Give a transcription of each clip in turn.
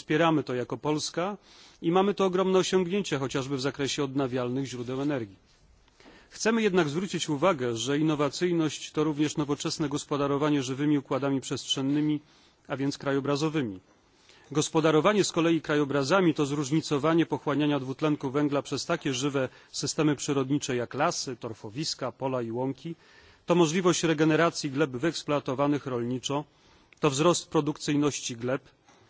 Wspieramy to jako Polska i mamy to ogromne osiągnięcie chociażby w zakresie odnawialnych źródeł energii. Chcemy jednak zwrócić uwagę, że innowacyjność to również nowoczesne gospodarowanie żywymi układami przestrzennymi, a więc krajobrazowymi. Gospodarowanie z kolei krajobrazami to zróżnicowanie pochłaniania dwutlenku węgla przez takie żywe systemy przyrodnicze jak lasy, torfowiska, pola i łąki, to możliwość regeneracji gleb wyeksploatowanych rolniczo, to wzrost produkcyjności gleb,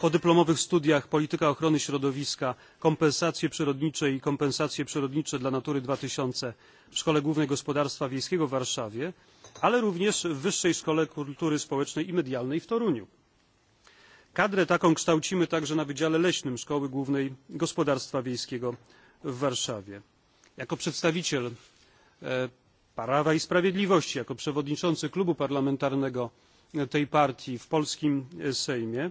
podyplomowych studiach polityka ochrony środowiska kompensacje przyrodnicze i kompensacje przyrodnicze dla natury 2000 w Szkole Głównej Gospodarstwa Wiejskiego w Warszawie, ale również w Wyższej Szkole Kultury Społecznej i Medialnej w Toruniu. Kadrę taką kształcimy także na Wydziale Leśnym Szkoły Głównej Gospodarstwa Wiejskiego w Warszawie. Jako przedstawiciel Prawa i Sprawiedliwości, jako przewodniczący klubu parlamentarnego tej partii w polskim Sejmie,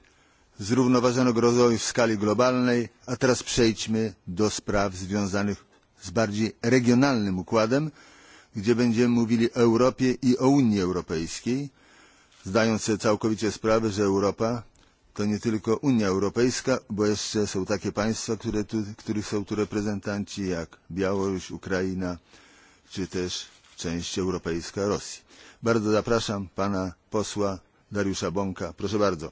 zrównoważonego rozwoju w skali globalnej, a teraz przejdźmy do spraw związanych z bardziej regionalnym układem, gdzie będziemy mówili o Europie i o Unii Europejskiej, zdając sobie całkowicie sprawę, że Europa to nie tylko Unia Europejska, bo jeszcze są takie państwa, których są tu reprezentanci, jak Białoruś, Ukraina, czy też część europejska Rosji. Bardzo zapraszam pana posła Dariusza Bonka, Proszę bardzo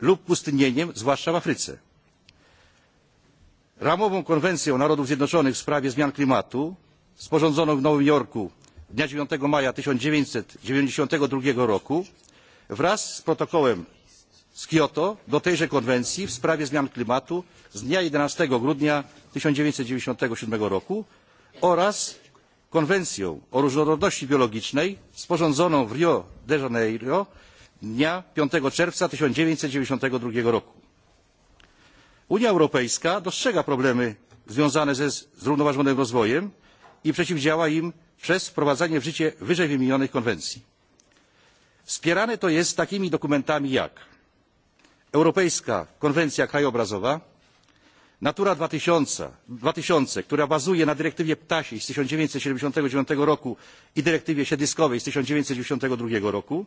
lub pustynnieniem, zwłaszcza w Afryce. Ramową konwencję Narodów Zjednoczonych w sprawie zmian klimatu, sporządzoną w Nowym Jorku dnia 9 maja 1992 roku, wraz z protokołem z Kioto do tejże konwencji w sprawie zmian klimatu z dnia 11 grudnia 1997 roku oraz konwencją o różnorodności biologicznej sporządzoną w Rio de Janeiro dnia 5 czerwca 1992 roku. Unia Europejska dostrzega problemy związane ze zrównoważonym rozwojem i przeciwdziała im przez wprowadzanie w życie wyżej wymienionych konwencji. Wspierane to jest takimi dokumentami jak Europejska Konwencja Krajobrazowa, Natura 2000, która bazuje na dyrektywie ptasiej z 1979 roku i dyrektywie siedliskowej z 1992 roku,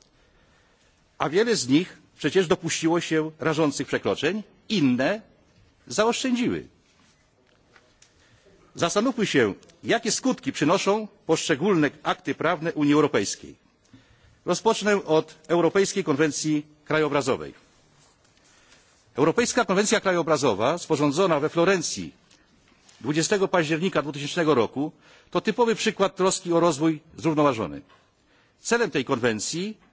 a wiele z nich przecież dopuściło się rażących przekroczeń inne zaoszczędziły. zastanówmy się jakie skutki przynoszą poszczególne akty prawne unii europejskiej. rozpocznę od europejskiej konwencji krajobrazowej. europejska konwencja krajobrazowa sporządzona we florencji 20 października dwa roku to typowy przykład troski o rozwój zrównoważony. celem tej konwencji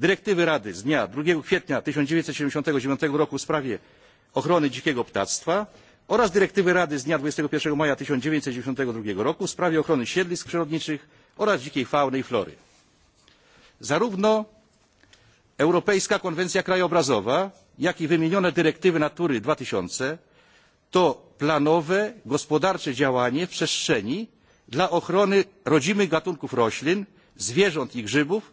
dyrektywy rady z dnia dwa kwietnia tysiąc dziewięćset siedemdziesiąt dziewięć roku w sprawie ochrony dzikiego ptactwa oraz dyrektywy rady z dnia dwadzieścia jeden maja tysiąc dziewięćset dziewięćdzisiąt roku w sprawie ochrony siedlisk przyrodniczych oraz dzikiej fauny i flory. zarówno europejska konwencja krajobrazowa jak i wymienione dyrektywy natury 2000 to planowe gospodarcze działanie w przestrzeni dla ochrony rodzimych gatunków roślin zwierząt i grzybów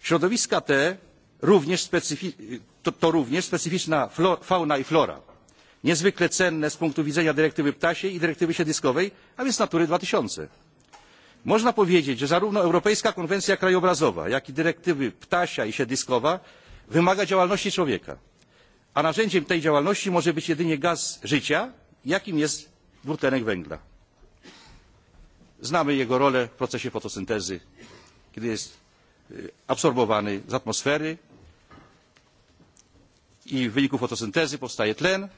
Środowiska te to również specyficzna fauna i flora, niezwykle cenne z punktu widzenia dyrektywy ptasiej i dyrektywy siedliskowej, a więc Natury 2000. Można powiedzieć, że zarówno Europejska Konwencja Krajobrazowa, jak i dyrektywy ptasia i siedliskowa wymaga działalności człowieka, a narzędziem tej działalności może być jedynie gaz życia, jakim jest dwutlenek węgla. Znamy jego rolę w procesie fotosyntezy, kiedy jest absorbowany z atmosfery i w wyniku fotosyntezy powstaje tlen,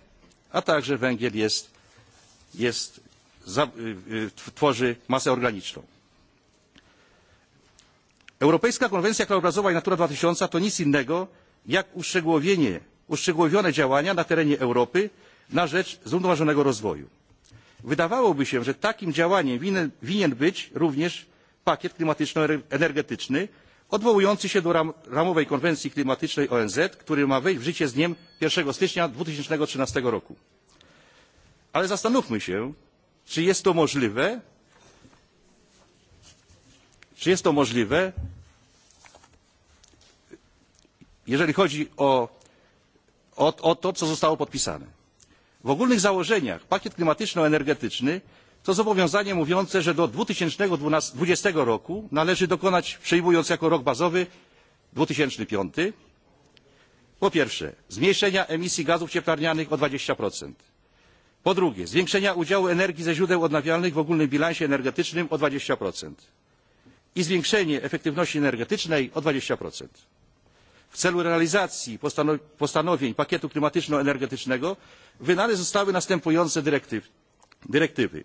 a także węgiel tworzy masę organiczną. Europejska Konwencja Krajobrazowa i Natura 2000 to nic innego jak uszczegółowione działania na terenie Europy na rzecz zrównoważonego rozwoju. Wydawałoby się, że takim działaniem winien być również pakiet klimatyczno-energetyczny, odwołujący się do ramowej konwencji klimatycznej onz który ma wejść w życie z dniem jeden stycznia dwa roku. ale zastanówmy się czy jest to możliwe czy jest to możliwe jeżeli chodzi o to co zostało podpisane. w ogólnych założeniach pakiet klimatyczno energetyczny To zobowiązanie mówiące, że do 2020 roku należy dokonać, przyjmując jako rok bazowy 2005, po pierwsze, zmniejszenia emisji gazów cieplarnianych o 20%. Po drugie, zwiększenia udziału energii ze źródeł odnawialnych w ogólnym bilansie energetycznym o 20% i zwiększenie efektywności energetycznej o 20%. W celu realizacji postanowień pakietu klimatyczno-energetycznego wydane zostały następujące dyrektywy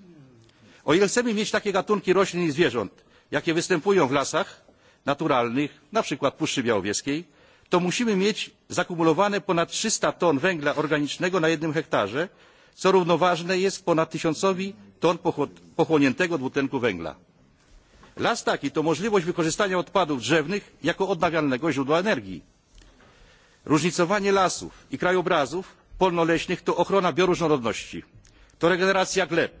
o ile chcemy mieć takie gatunki roślin i zwierząt jakie występują w lasach naturalnych na przykład puszczy białowieskiej to musimy mieć zakumulowane ponad 300 ton węgla organicznego na jednym hektarze co równoważne jest ponad tysiącowi ton pochłoniętego dwutlenku węgla. las taki to możliwość wykorzystania odpadów drzewnych jako odnawialnego źródła energii. różnicowanie lasów i krajobrazów polnoleśnych to ochrona bioróżnorodności to regeneracja gleb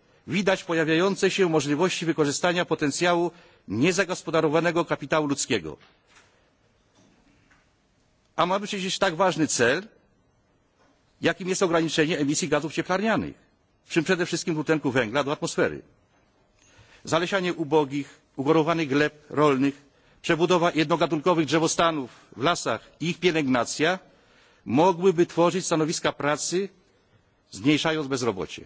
widać pojawiające się możliwości wykorzystania potencjału niezagospodarowanego kapitału ludzkiego. A mamy przecież tak ważny cel, jakim jest ograniczenie emisji gazów cieplarnianych, w czym przede wszystkim dwutlenku węgla do atmosfery. Zalesianie ubogich, ugorowanych gleb rolnych, przebudowa jednogatunkowych drzewostanów w lasach i ich pielęgnacja mogłyby tworzyć stanowiska pracy, zmniejszając bezrobocie.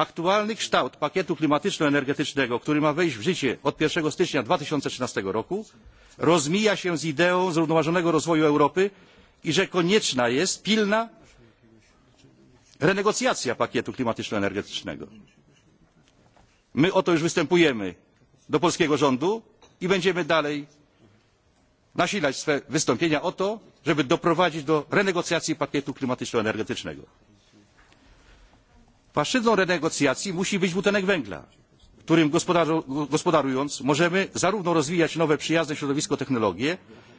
aktualny kształt pakietu klimatyczno energetycznego który ma wejść w życie od 1 stycznia 2013 roku rozmija się z ideą zrównoważonego rozwoju europy i że konieczna jest pilna renegocjacja pakietu klimatyczno energetycznego. my o to już występujemy do polskiego rządu i będziemy dalej nasilać swe wystąpienia o to żeby doprowadzić do renegocjacji pakietu klimatyczno energetycznego. Płaszczyzną renegocjacji musi być butenek węgla, którym gospodarując możemy zarówno rozwijać nowe przyjazne środowisko technologie,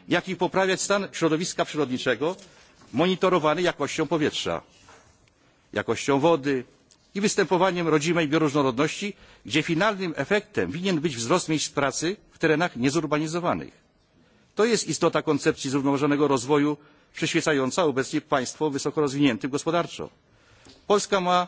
jak i poprawiać stan środowiska przyrodniczego monitorowany jakością powietrza, jakością wody i występowaniem rodzimej bioróżnorodności, gdzie finalnym efektem winien być wzrost miejsc pracy w terenach niezurbanizowanych. To jest istota koncepcji zrównoważonego rozwoju przyświecająca obecnie państwom wysoko rozwiniętym gospodarczo. Polska ma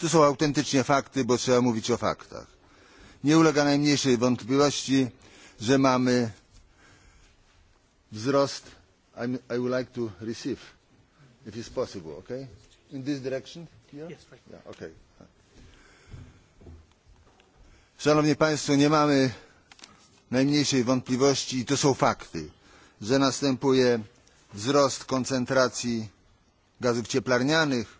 To są autentycznie fakty, bo trzeba mówić o faktach. Nie ulega najmniejszej wątpliwości, że mamy wzrost. I Szanowni Państwo, nie mamy najmniejszej wątpliwości, i to są fakty, że następuje wzrost koncentracji gazów cieplarnianych,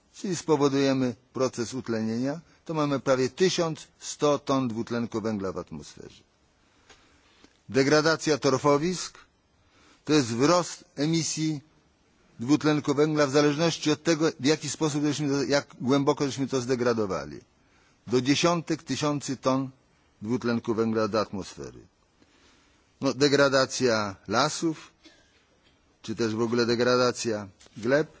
Czyli spowodujemy proces utlenienia, to mamy prawie 1100 ton dwutlenku węgla w atmosferze. Degradacja torfowisk to jest wzrost emisji dwutlenku węgla w zależności od tego, w jaki sposób, jak głęboko żeśmy to zdegradowali. Do dziesiątek tysięcy ton dwutlenku węgla do atmosfery. Degradacja lasów, czy też w ogóle degradacja gleb,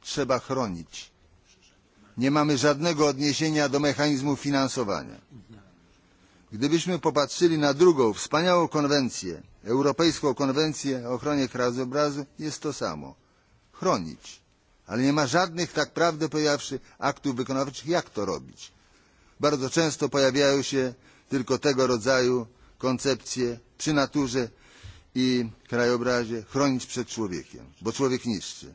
trzeba chronić. Nie mamy żadnego odniesienia do mechanizmu finansowania. Gdybyśmy popatrzyli na drugą wspaniałą konwencję, Europejską Konwencję o ochronie krajobrazu, jest to samo. Chronić. Ale nie ma żadnych, tak prawdę pojawszy, aktów wykonawczych, jak to robić. Bardzo często pojawiają się tylko tego rodzaju koncepcje przy naturze i krajobrazie chronić przed człowiekiem, bo człowiek niszczy.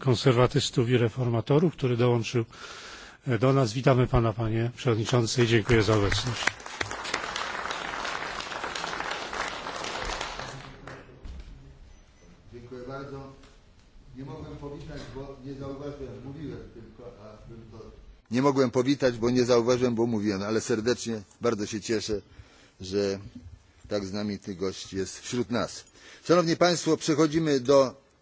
konserwatystów i reformatorów, który dołączył do nas. Witamy Pana, Panie Przewodniczący i dziękuję za obecność. Dziękuję bardzo. Nie mogłem powitać, bo nie zauważyłem, Nie bo nie mówiłem, ale serdecznie bardzo się cieszę, że tak ty gość jest wśród nas. Szanowni Państwo, przechodzimy do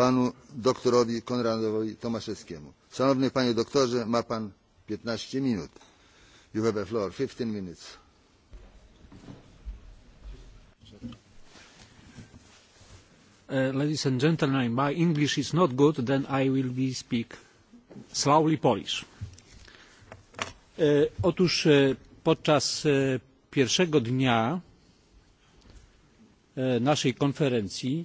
panu doktorowi Konradowi Tomaszewskiemu. Szanowny panie doktorze, ma pan 15 minut. You have the floor, 15 minutes. Ladies and gentlemen, my English is not good, then I will be speak slowly Polish. Otóż podczas pierwszego dnia naszej konferencji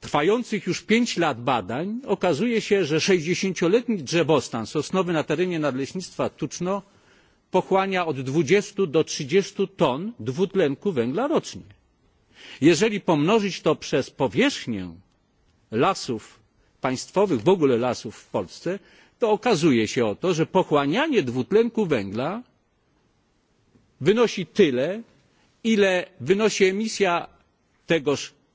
trwających już pięć lat badań okazuje się że że 60-letni drzewostan sosnowy na terenie nadleśnictwa tuczno pochłania od 20 do 30 ton dwutlenku węgla rocznie. jeżeli pomnożyć to przez powierzchnię lasów państwowych w ogóle lasów w polsce to okazuje się to, że pochłanianie dwutlenku węgla wynosi tyle ile wynosi emisja tegoż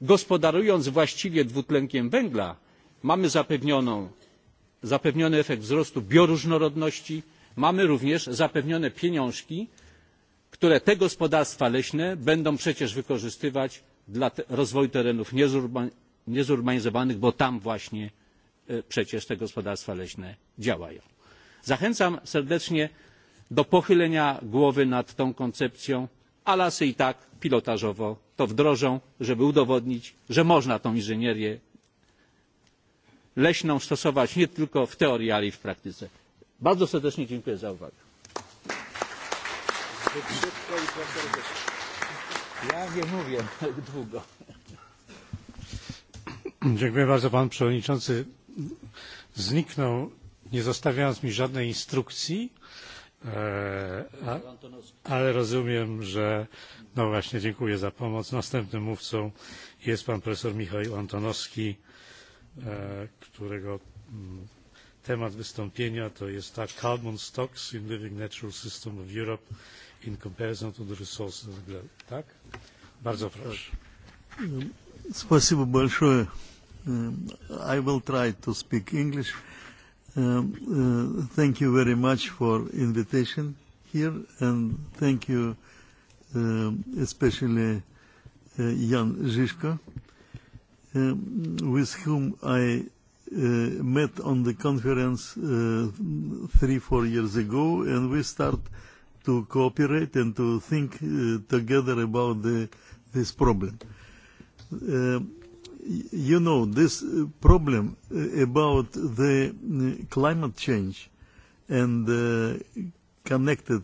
gospodarując właściwie dwutlenkiem węgla mamy zapewniony efekt wzrostu bioróżnorodności mamy również zapewnione pieniążki które te gospodarstwa leśne będą przecież wykorzystywać dla rozwoju terenów niezurbanizowanych bo tam właśnie przecież te gospodarstwa leśne działają. zachęcam serdecznie do pochylenia głowy nad tą koncepcją a lasy i tak pilotażowo to wdrożą, żeby udowodnić, że można tą inżynierię leśną stosować nie tylko w teorii, ale i w praktyce. Bardzo serdecznie dziękuję za uwagę. Ja nie długo. Dziękuję bardzo pan przewodniczący. Zniknął, nie zostawiając mi żadnej instrukcji ale rozumiem, że no właśnie dziękuję za pomoc. Następnym mówcą jest pan profesor Michał Antonowski, którego temat wystąpienia to jest tak Carbon Stocks in Living Natural System of Europe in comparison to the resources of the globe. Tak? Bardzo proszę. Спасибо большое. I will try to speak English. Thank you very much for invitation here and thank you especially Jan Žižka, with whom I met on the conference three, four years ago and we start to cooperate and to think together about this problem you know this problem about the climate change and the connected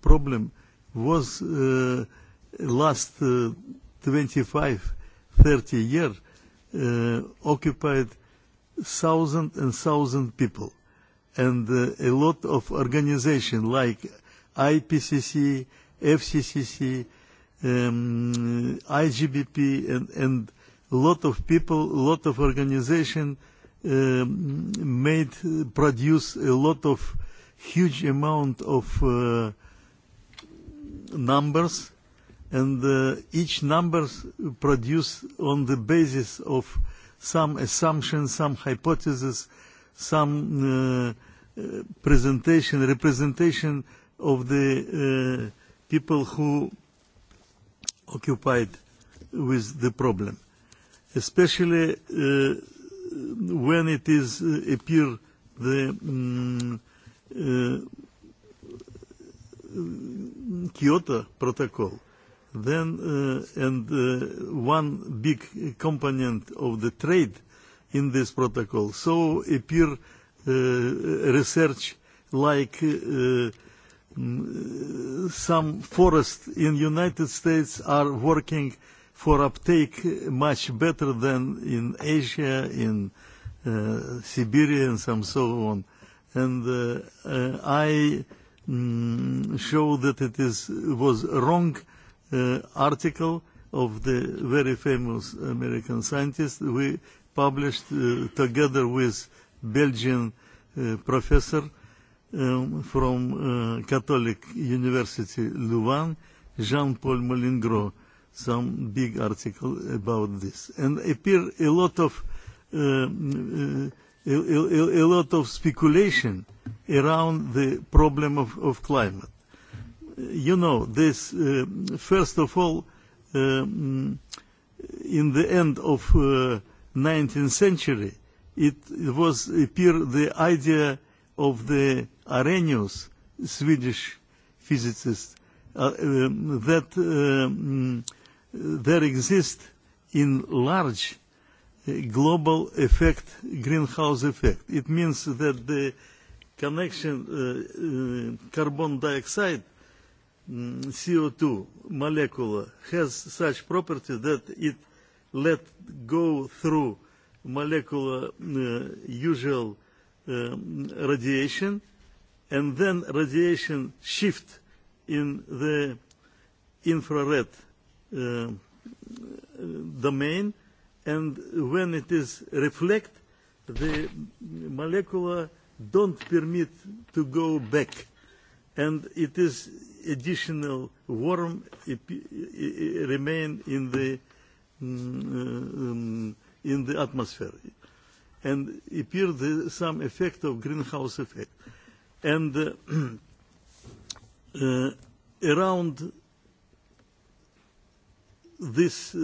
problem was last 25 30 years occupied thousand and thousand people and a lot of organization like IPCC, FCCC, IGBP and a lot of people, a lot of organizations made produce a lot of huge amount of numbers and each number produced on the basis of some assumptions, some hypotheses, some presentation, representation of the people who occupied with the problem especially when it is appear the Kyoto Protocol, then and one big component of the trade in this protocol. So appear research like some forests in United States are working for uptake much better than in Asia, in Siberia and so on. And I show that it is was wrong article of the very famous American scientist we published together with Belgian professor from Catholic University Louvain, Jean-Paul Molingro some big article about this. And appear a lot of a lot of speculation around the problem of of climate. You know, this first of all, in the end of 19th century, it was appear the idea of the Arrhenius, Swedish physicist, that there exists in large global effect, greenhouse effect. It means that the connection carbon dioxide CO2 molecule has such property that it let go through molecular usual radiation and then radiation shift in the infrared domain and when it is reflect the molecular don't permit to go back and it is additional warm remain in the in the atmosphere and appear the some effect of greenhouse effect and around this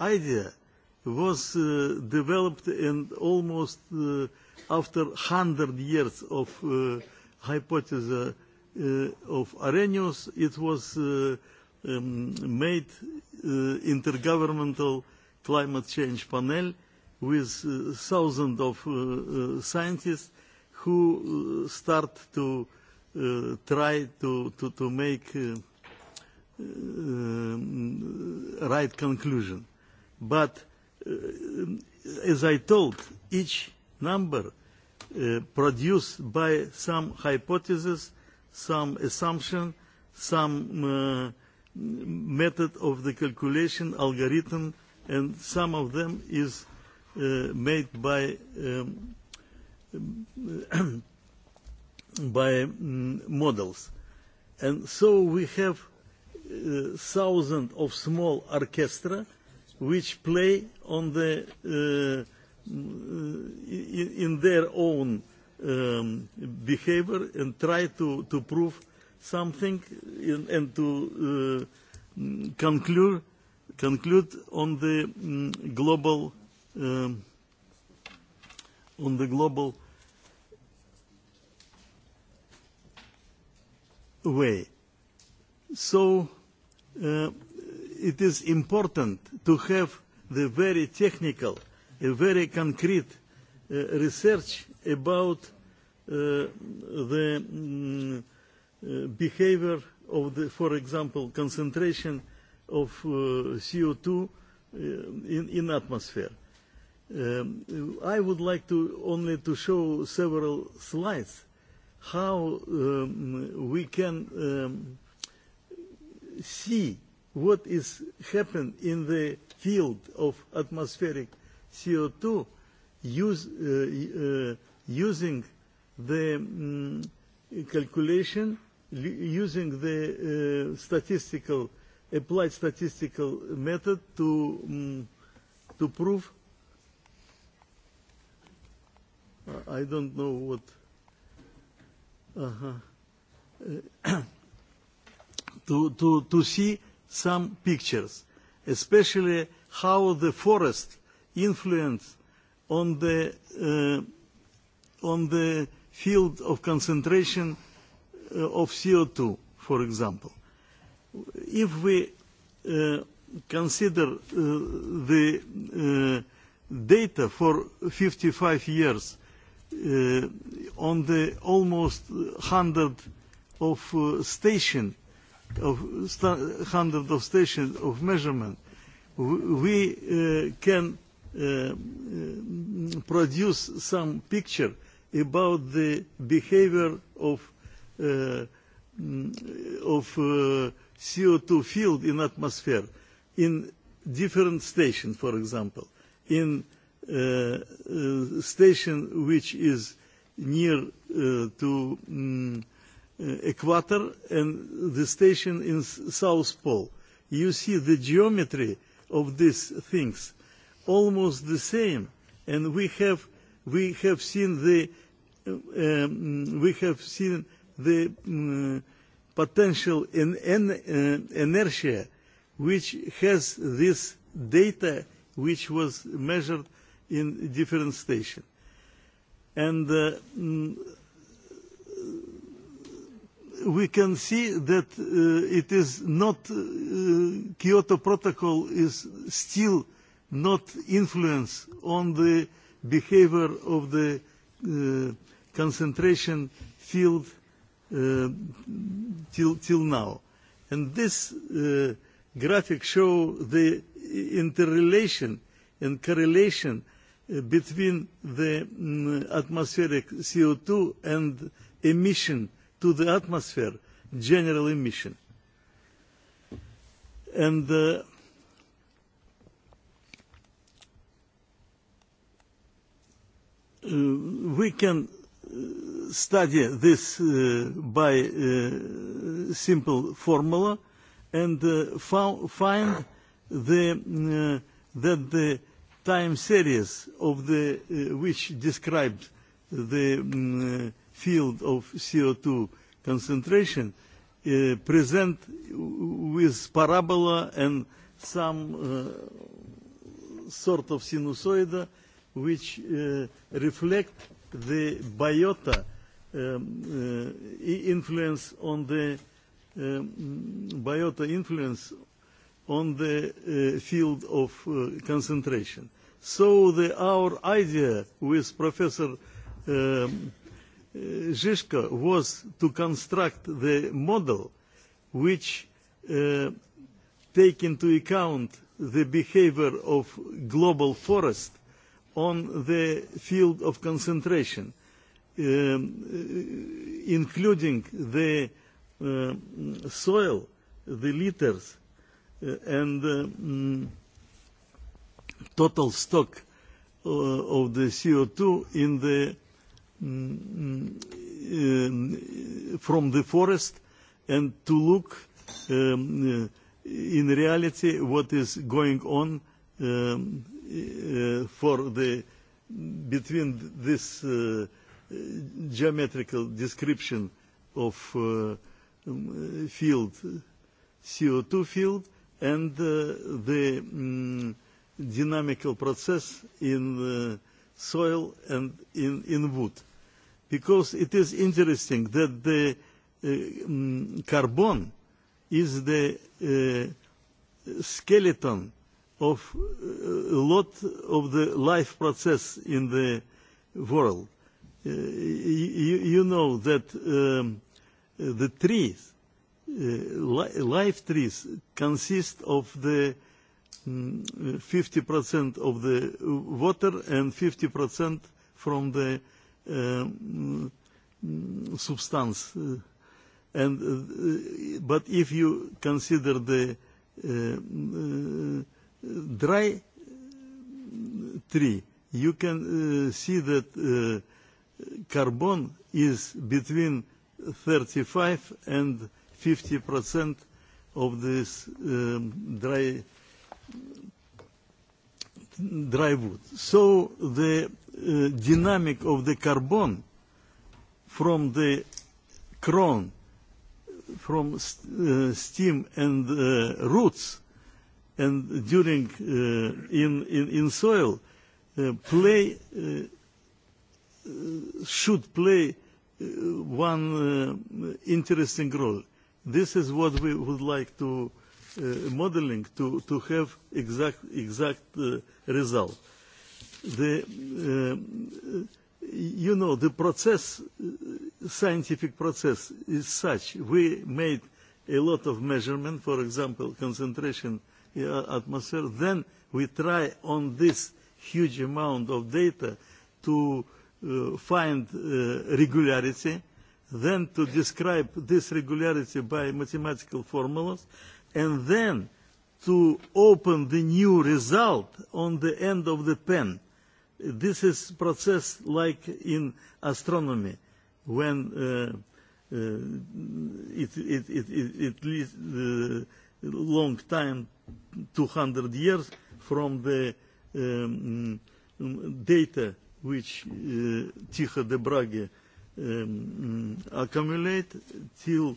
idea was developed and almost after hundred years of hypothesis of Arrhenius, it was made intergovernmental climate change panel with thousands of scientists who start to try to to make right conclusion. But as I told, each number produced by some hypothesis, some assumption, some method of the calculation, algorithm, and some of them is made by by models. And so we have thousands of small orchestra which play on the in their own behavior and try to to prove something and to conclude conclude on the global on the global way so it is important to have the very technical, a very concrete research about the behavior of the, for example, concentration of CO2 in, in atmosphere. I would like to only to show several slides how we can see what is happened in the field of atmospheric CO2 using the calculation, using the statistical, applied statistical method to to prove. I don't know what to see some pictures, especially how the forest influence on the on the field of concentration of CO2, for example. If we consider the data for 55 years on the almost 100 of station of hundreds of stations of measurement, we can produce some picture about the behavior of of CO2 field in atmosphere in different stations, for example, in station which is near to equator and the station in South Pole. You see the geometry of these things almost the same, and we have we have seen the we have seen the potential in inertia, which has this data which was measured in different stations, and we can see that it is not Kyoto Protocol is still not influence on the behaviour of the concentration field till now. And this graphic shows the interrelation and correlation between the atmospheric CO2 and emission to the atmosphere general emission. And we can study this by simple formula and find the that the time series of the which described the field of CO2 concentration present with parabola and some sort of sinusoid which reflect the biota influence on the biota influence on the field of concentration. So the our idea with Professor Zizka was to construct the model which take into account the behavior of global forest on the field of concentration, including the soil, the litters, and total stock of the CO2 in the from the forest and to look in reality what is going on for the between this geometrical description of field CO2 field and the dynamical process in soil and in wood because it is interesting that the carbon is the skeleton of a lot of the life process in the world. You know that the trees, life trees, consist of the 50% of the water and 50% from the substance. And but if you consider the dry tree, you can see that carbon is between 35 and 50% of this dry dry wood. So the dynamic of the carbon from the crown, from steam and roots, and during in in soil, play should play one interesting role. This is what we would like to modeling to to have exact exact result the you know the process scientific process is such we made a lot of measurement for example concentration in atmosphere then we try on this huge amount of data to find regularity then to describe this regularity by mathematical formulas and then to open the new result on the end of the pen This is process like in astronomy, when it it it it long time, 200 years from the data which Tycho de Brage accumulate till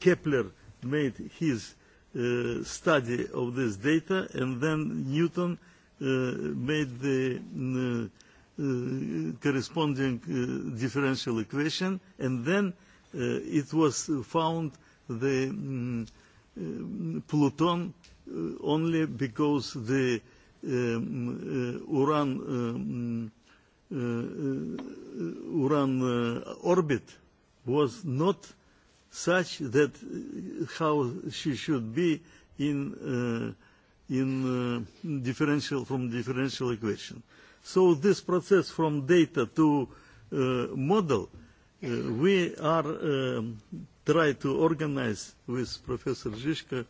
Kepler made his study of this data and then Newton made the corresponding differential equation and then it was found the Pluton only because the Uran Uran orbit was not such that how she should be in in differential from differential equation. So this process from data to model, we are try to organize with Professor Zizka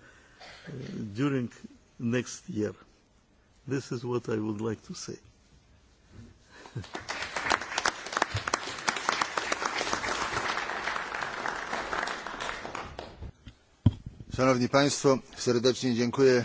during next year. This is what I would like to say. Szanowni Państwo, serdecznie dziękuję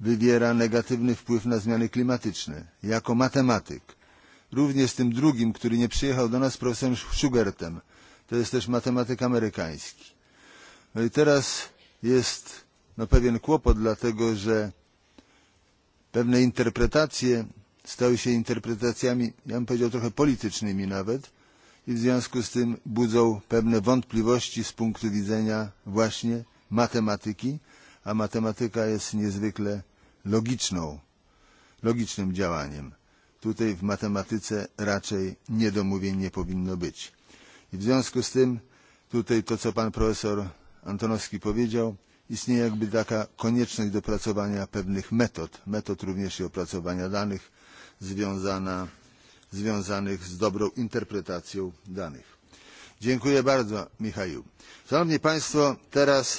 wywiera negatywny wpływ na zmiany klimatyczne. Jako matematyk, również z tym drugim, który nie przyjechał do nas, profesorem Schugertem, to jest też matematyk amerykański. No i teraz jest no, pewien kłopot, dlatego że pewne interpretacje stały się interpretacjami, ja bym powiedział, trochę politycznymi nawet i w związku z tym budzą pewne wątpliwości z punktu widzenia właśnie matematyki, a matematyka jest niezwykle logiczną, logicznym działaniem. Tutaj w matematyce raczej niedomówień nie powinno być. I w związku z tym tutaj to, co pan profesor Antonowski powiedział, istnieje jakby taka konieczność dopracowania pewnych metod, metod również i opracowania danych związana, związanych z dobrą interpretacją danych. Dziękuję bardzo, Michał. Szanowni Państwo, teraz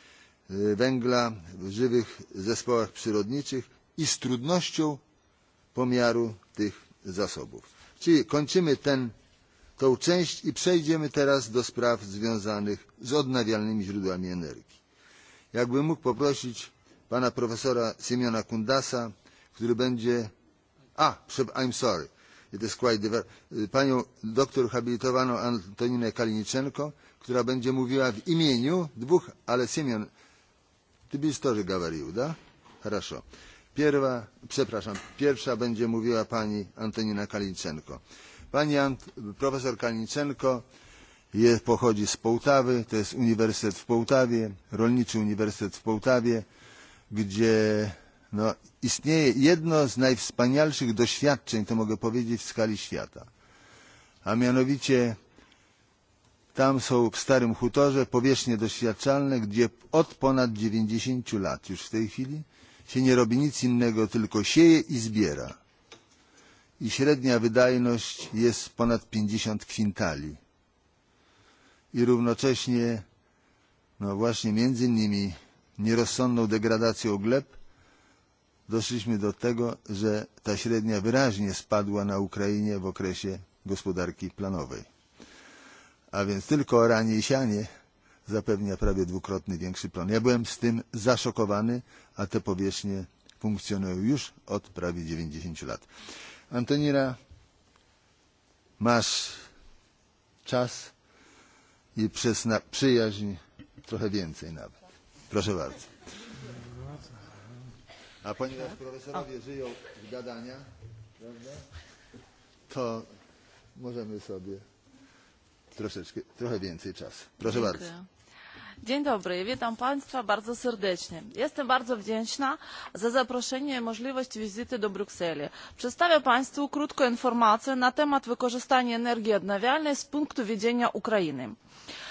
węgla w żywych zespołach przyrodniczych i z trudnością pomiaru tych zasobów. Czyli kończymy tę część i przejdziemy teraz do spraw związanych z odnawialnymi źródłami energii. Jakbym mógł poprosić pana profesora Symiona Kundasa, który będzie... A, I'm sorry. It is quite panią doktor habilitowaną Antoninę Kaliniczenko, która będzie mówiła w imieniu dwóch, ale Simeon Ty byś też Pierwa, przepraszam, pierwsza będzie mówiła pani Antonina Kalicenko. Pani profesor jest pochodzi z Połtawy, to jest Uniwersytet w Połtawie, Rolniczy Uniwersytet w Połtawie, gdzie istnieje jedno z najwspanialszych doświadczeń, to mogę powiedzieć, w skali świata. A mianowicie Tam są w Starym Hutorze powierzchnie doświadczalne, gdzie od ponad 90 lat już w tej chwili się nie robi nic innego, tylko sieje i zbiera. I średnia wydajność jest ponad 50 kwintali. I równocześnie, no właśnie między innymi nierozsądną degradacją gleb, doszliśmy do tego, że ta średnia wyraźnie spadła na Ukrainie w okresie gospodarki planowej a więc tylko ranie i sianie zapewnia prawie dwukrotnie większy plon. Ja byłem z tym zaszokowany, a te powierzchnie funkcjonują już od prawie 90 lat. Antonina, masz czas i przez na przyjaźń trochę więcej nawet. Proszę bardzo. A ponieważ profesorowie żyją w gadania, prawda, to możemy sobie troszeczkę, trochę Proszę bardzo. Dzień dobry, witam Państwa bardzo serdecznie. Jestem bardzo wdzięczna za zaproszenie i możliwość wizyty do Brukseli. Przedstawię Państwu krótką informację na temat wykorzystania energii odnawialnej z punktu widzenia Ukrainy.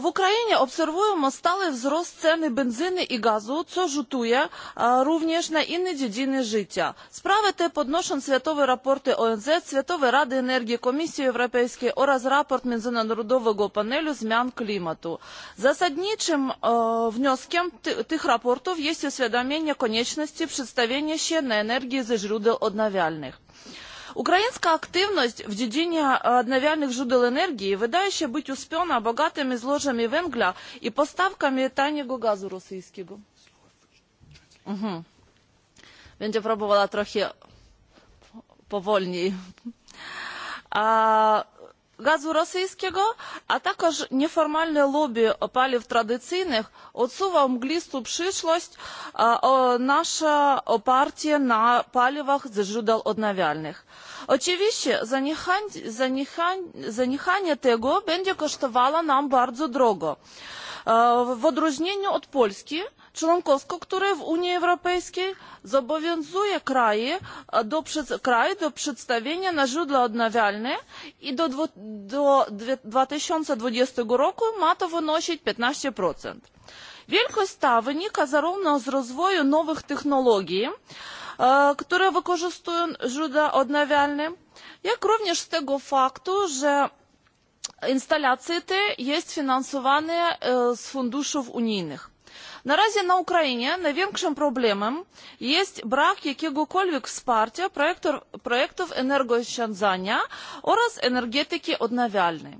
W Ukrainie obserwujemy stały wzrost ceny benzyny i gazu, co rzutuje również na inne dziedziny życia. Sprawy te podnoszą światowe raporty ONZ, Światowej Rady Energii, Komisji Europejskiej oraz raport Międzynarodowego Panelu Zmian Klimatu. Zasadniczym wnioskiem tych raportów jest uświadomienie konieczności przedstawienia się na energię ze źródeł odnawialnych Ukraińska aktywność w dziedzinie odnawialnych źródeł energii wydaje się być uspiona bogatymi złożami węgla i postawkami taniego gazu rosyjskiego. Będzie próbowała trochę powolniej gazu rosyjskiego a także nieformalne lobby paliw tradycyjnych odsuwa w mglistą przyszłość nasze oparcie na paliwach ze źródeł odnawialnych. oczywiście zaniechanie tego będzie kosztowało nam bardzo drogo. w odróżnieniu od polski członkowską które w unii europejskiej zobowiązuje kraje do przedstawienia na źródła odnawialne i do 2020 roku ma to wynosić. piętnaście wielkość ta wynika zarówno z rozwoju nowych technologii które wykorzystują źródła odnawialne jak również z tego faktu że instalacje te są finansowane z funduszy unijnych. Na razie na Ukrainie największym problemem jest brak jakiegokolwiek wsparcia projektów energooszczędzania oraz energetyki odnawialnej.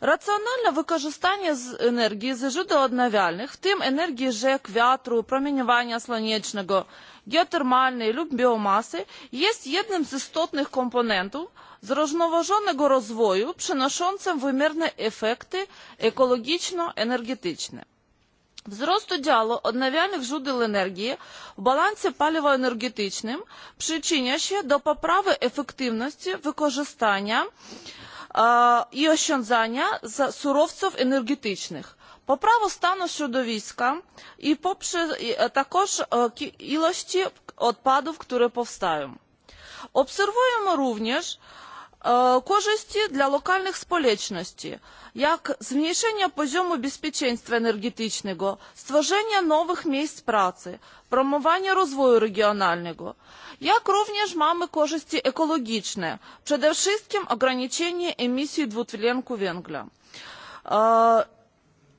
Racjonalne wykorzystanie energii ze źródeł odnawialnych, w tym energii rzek, wiatru, promieniowania słonecznego, geotermalnej lub biomasy, jest jednym z istotnych komponentów zrównoważonego rozwoju przynoszącym wymierne efekty ekologiczno-energetyczne. Wzrost udziału odnawialnych źródeł energii w balansie paliwoenergetycznym energetycznym przyczynia się do poprawy efektywności wykorzystania i oszczędzania surowców energetycznych, poprawy stanu środowiska i ilości odpadów, które powstają. Obserwujemy również korzyści dla lokalnych społeczności jak zmniejszenie poziomu bezpieczeństwa energetycznego stworzenie nowych miejsc pracy promowanie rozwoju regionalnego jak również mamy korzyści ekologiczne przede wszystkim ograniczenie emisji dwutlenku węgla.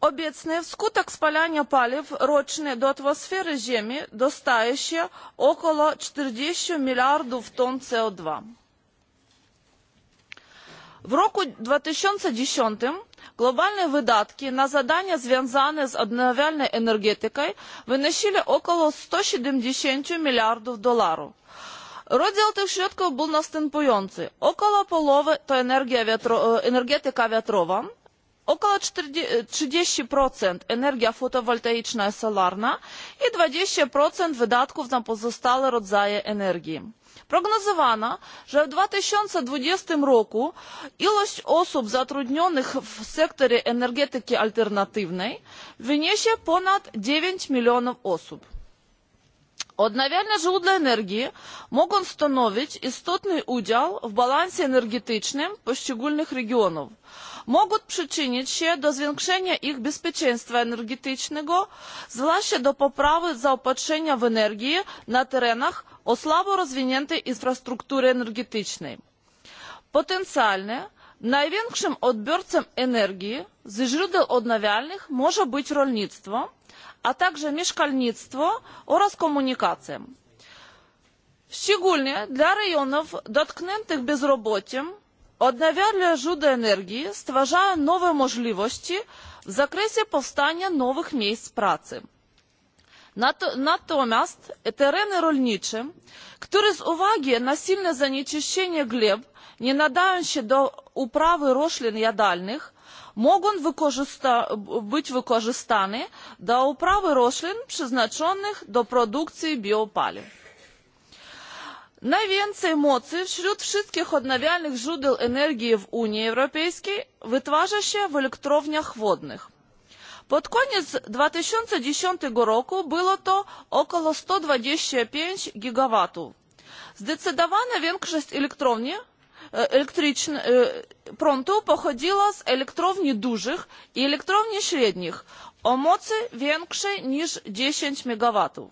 Obecnie wskutek spalania paliw rocznie do atmosfery Ziemi dostaje się około 40 miliardów ton co W roku 2010 globalne wydatki na zadania związane z odnawialną energetyką wynosiły około 170 miliardów dolarów. Rozdział tych środków był następujący. Około połowy to energetyka wiatrowa, około 30% energia fotowoltaiczna i solarna i 20% wydatków na pozostałe rodzaje energii Prognozowano, że w 2020 roku ilość osób zatrudnionych w sektorze energetyki alternatywnej wyniesie ponad 9 milionów osób. Odnawialne źródła energii mogą stanowić istotny udział w balansie energetycznym poszczególnych regionów mogą przyczynić się do zwiększenia ich bezpieczeństwa energetycznego zwłaszcza do poprawy zaopatrzenia w energię na terenach o słabo rozwiniętej infrastruktury energetycznej. potencjalnie największym odbiorcą energii ze źródeł odnawialnych może być rolnictwo a także mieszkalnictwo oraz komunikacja. szczególnie dla rejonów dotkniętych bezrobociem odnawialne źródła energii stwarzają nowe możliwości w zakresie powstania nowych miejsc pracy. Natomiast tereny rolnicze, które z uwagi na silne zanieczyszczenie gleb nie nadają się do uprawy roślin jadalnych, mogą być wykorzystane do uprawy roślin przeznaczonych do produkcji biopaliw. Najwięcej mocy wśród wszystkich odnawialnych źródeł energii w Unii Europejskiej wytwarza się w elektrowniach wodnych. Pod koniec 2010 roku było to około 125 gigawatów. Zdecydowana większość elektrowni prądu pochodziła z elektrowni dużych i elektrowni średnich o mocy większej niż 10 megawatów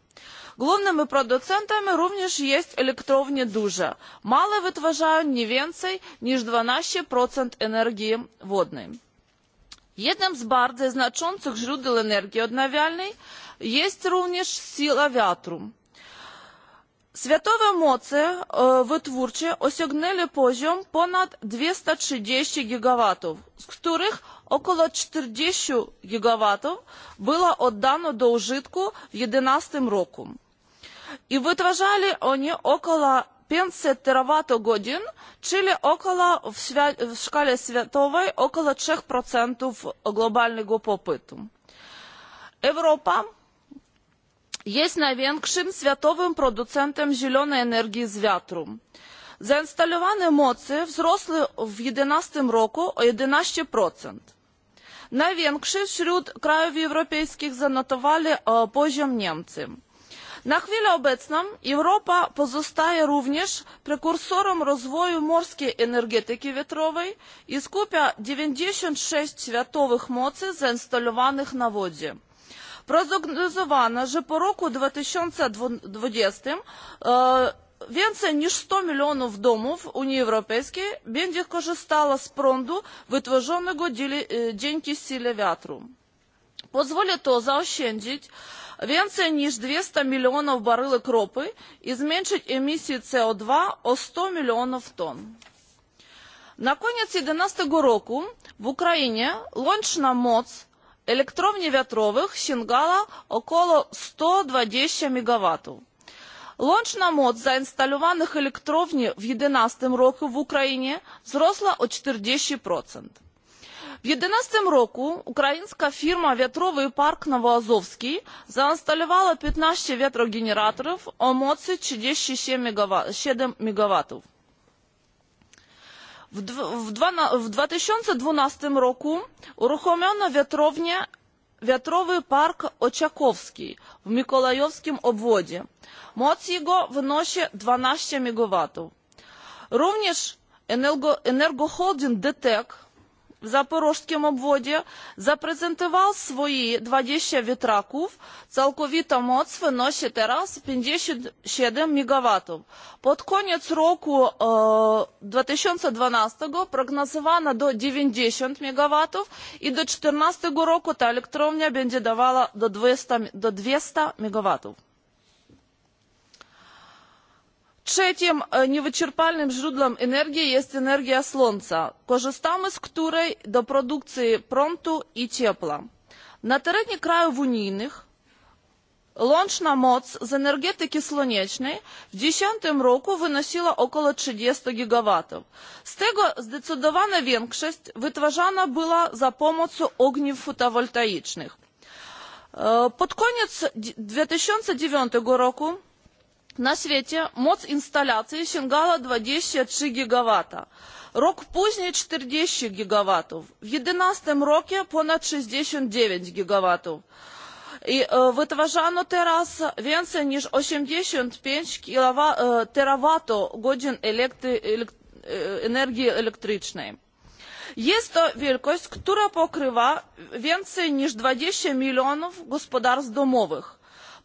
Głównymi producentami również jest elektrownie duże. Małe wytwarzają nie więcej niż 12% energii wodnej. Jednym z bardzo znaczących źródeł energii odnawialnej jest również siła wiatru. Światowe moce wytwórcze osiągnęły poziom ponad 230 GW, z których około 40 GW było oddano do użytku w 2011 roku. Wytwarzali oni około 500 тераватт godzin, чили w в шкале световой около 3% globalnego popytu. Europa jest największym światowym producentem zielonej energii z wiatru. Zainstalowane mocy wzrosły w 2011 roku o 11%. Największy wśród krajów europejskich zanotowali poziom Niemcy Na chwilę obecną Europa pozostaje również prekursorem rozwoju morskiej energetyki wiatrowej i skupia 96 światowych mocy zainstalowanych na wodzie. Prognozowano, że po roku 2020 więcej niż 100 milionów domów Unii Europejskiej będzie korzystało z prądu wytworzonego dzięki sile wiatru. Pozwoli to zaoszczędzić więcej niż 200 milionów baryłek ropy i zmniejszyć emisję CO2 o 100 milionów ton. Na koniec 2011 roku w Ukrainie łączna moc elektrowni wiatrowych sięgała około 120 MW. Łączna moc zainstalowanych elektrowni w 2011 roku w Ukrainie wzrosła o 40% w dwa tysiące roku ukraińska firma wiatrowy park nowoazowski zainstalowała piętnaście wiatrogeneratorów o mocy trzydzieści siedem w dwa tysiące dwanaście roku uruchomiono wiatrownię wiatrowy park oczakowski w mikołajowskim obwodzie. moc jego wynosi 12 MW. również energoholding dtec w zaporożskim obwodzie zaprezentował swoje dwadzieścia wiatraków całkowita moc wynosi teraz pięćdziesiąt siedem megawatów. pod koniec roku dwa tysiące dwanaście prognozowano do dziewięćdzisiąt megawatów i do dwa tysiące czternaście roku ta elektrownia będzie dawała do dwieście megawatów. Trzecim niewyczerpalnym źródłem energii jest energia słońca. Korzystamy z której do produkcji prądu i ciepła. Na terenie krajów unijnych łączna moc z energetyki słonecznej w 2010 roku wynosiła około 30 gW, Z tego zdecydowana większość wytwarzana była za pomocą ogniw fotowoltaicznych. Pod koniec 2009 roku Na świecie moc instalacji sięgała 23 gigawata. Rok później 40 gigawatów. W 11 roku ponad 69 gigawatów. I wytwarzano teraz więcej niż 85 terawatogodzin energii elektrycznej. Jest to wielkość, która pokrywa więcej niż 20 milionów gospodarstw domowych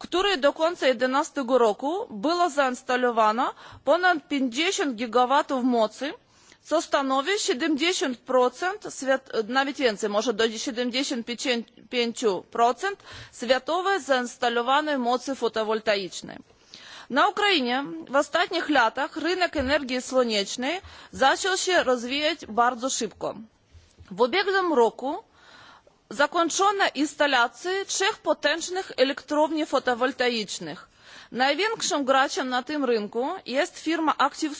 której do końca 2011 roku było zainstalowano ponad 50 gigawatów mocy, co stanowi 70%, nawet więcej, może do 75% światowej zainstalowanej mocy fotowoltaicznej. Na Ukrainie w ostatnich latach rynek energii słonecznej zaczął się rozwijać bardzo szybko. W ubiegłym roku zakończono instalacje trzech potężnych elektrowni fotowoltaicznych. największym graczem na tym rynku jest firma active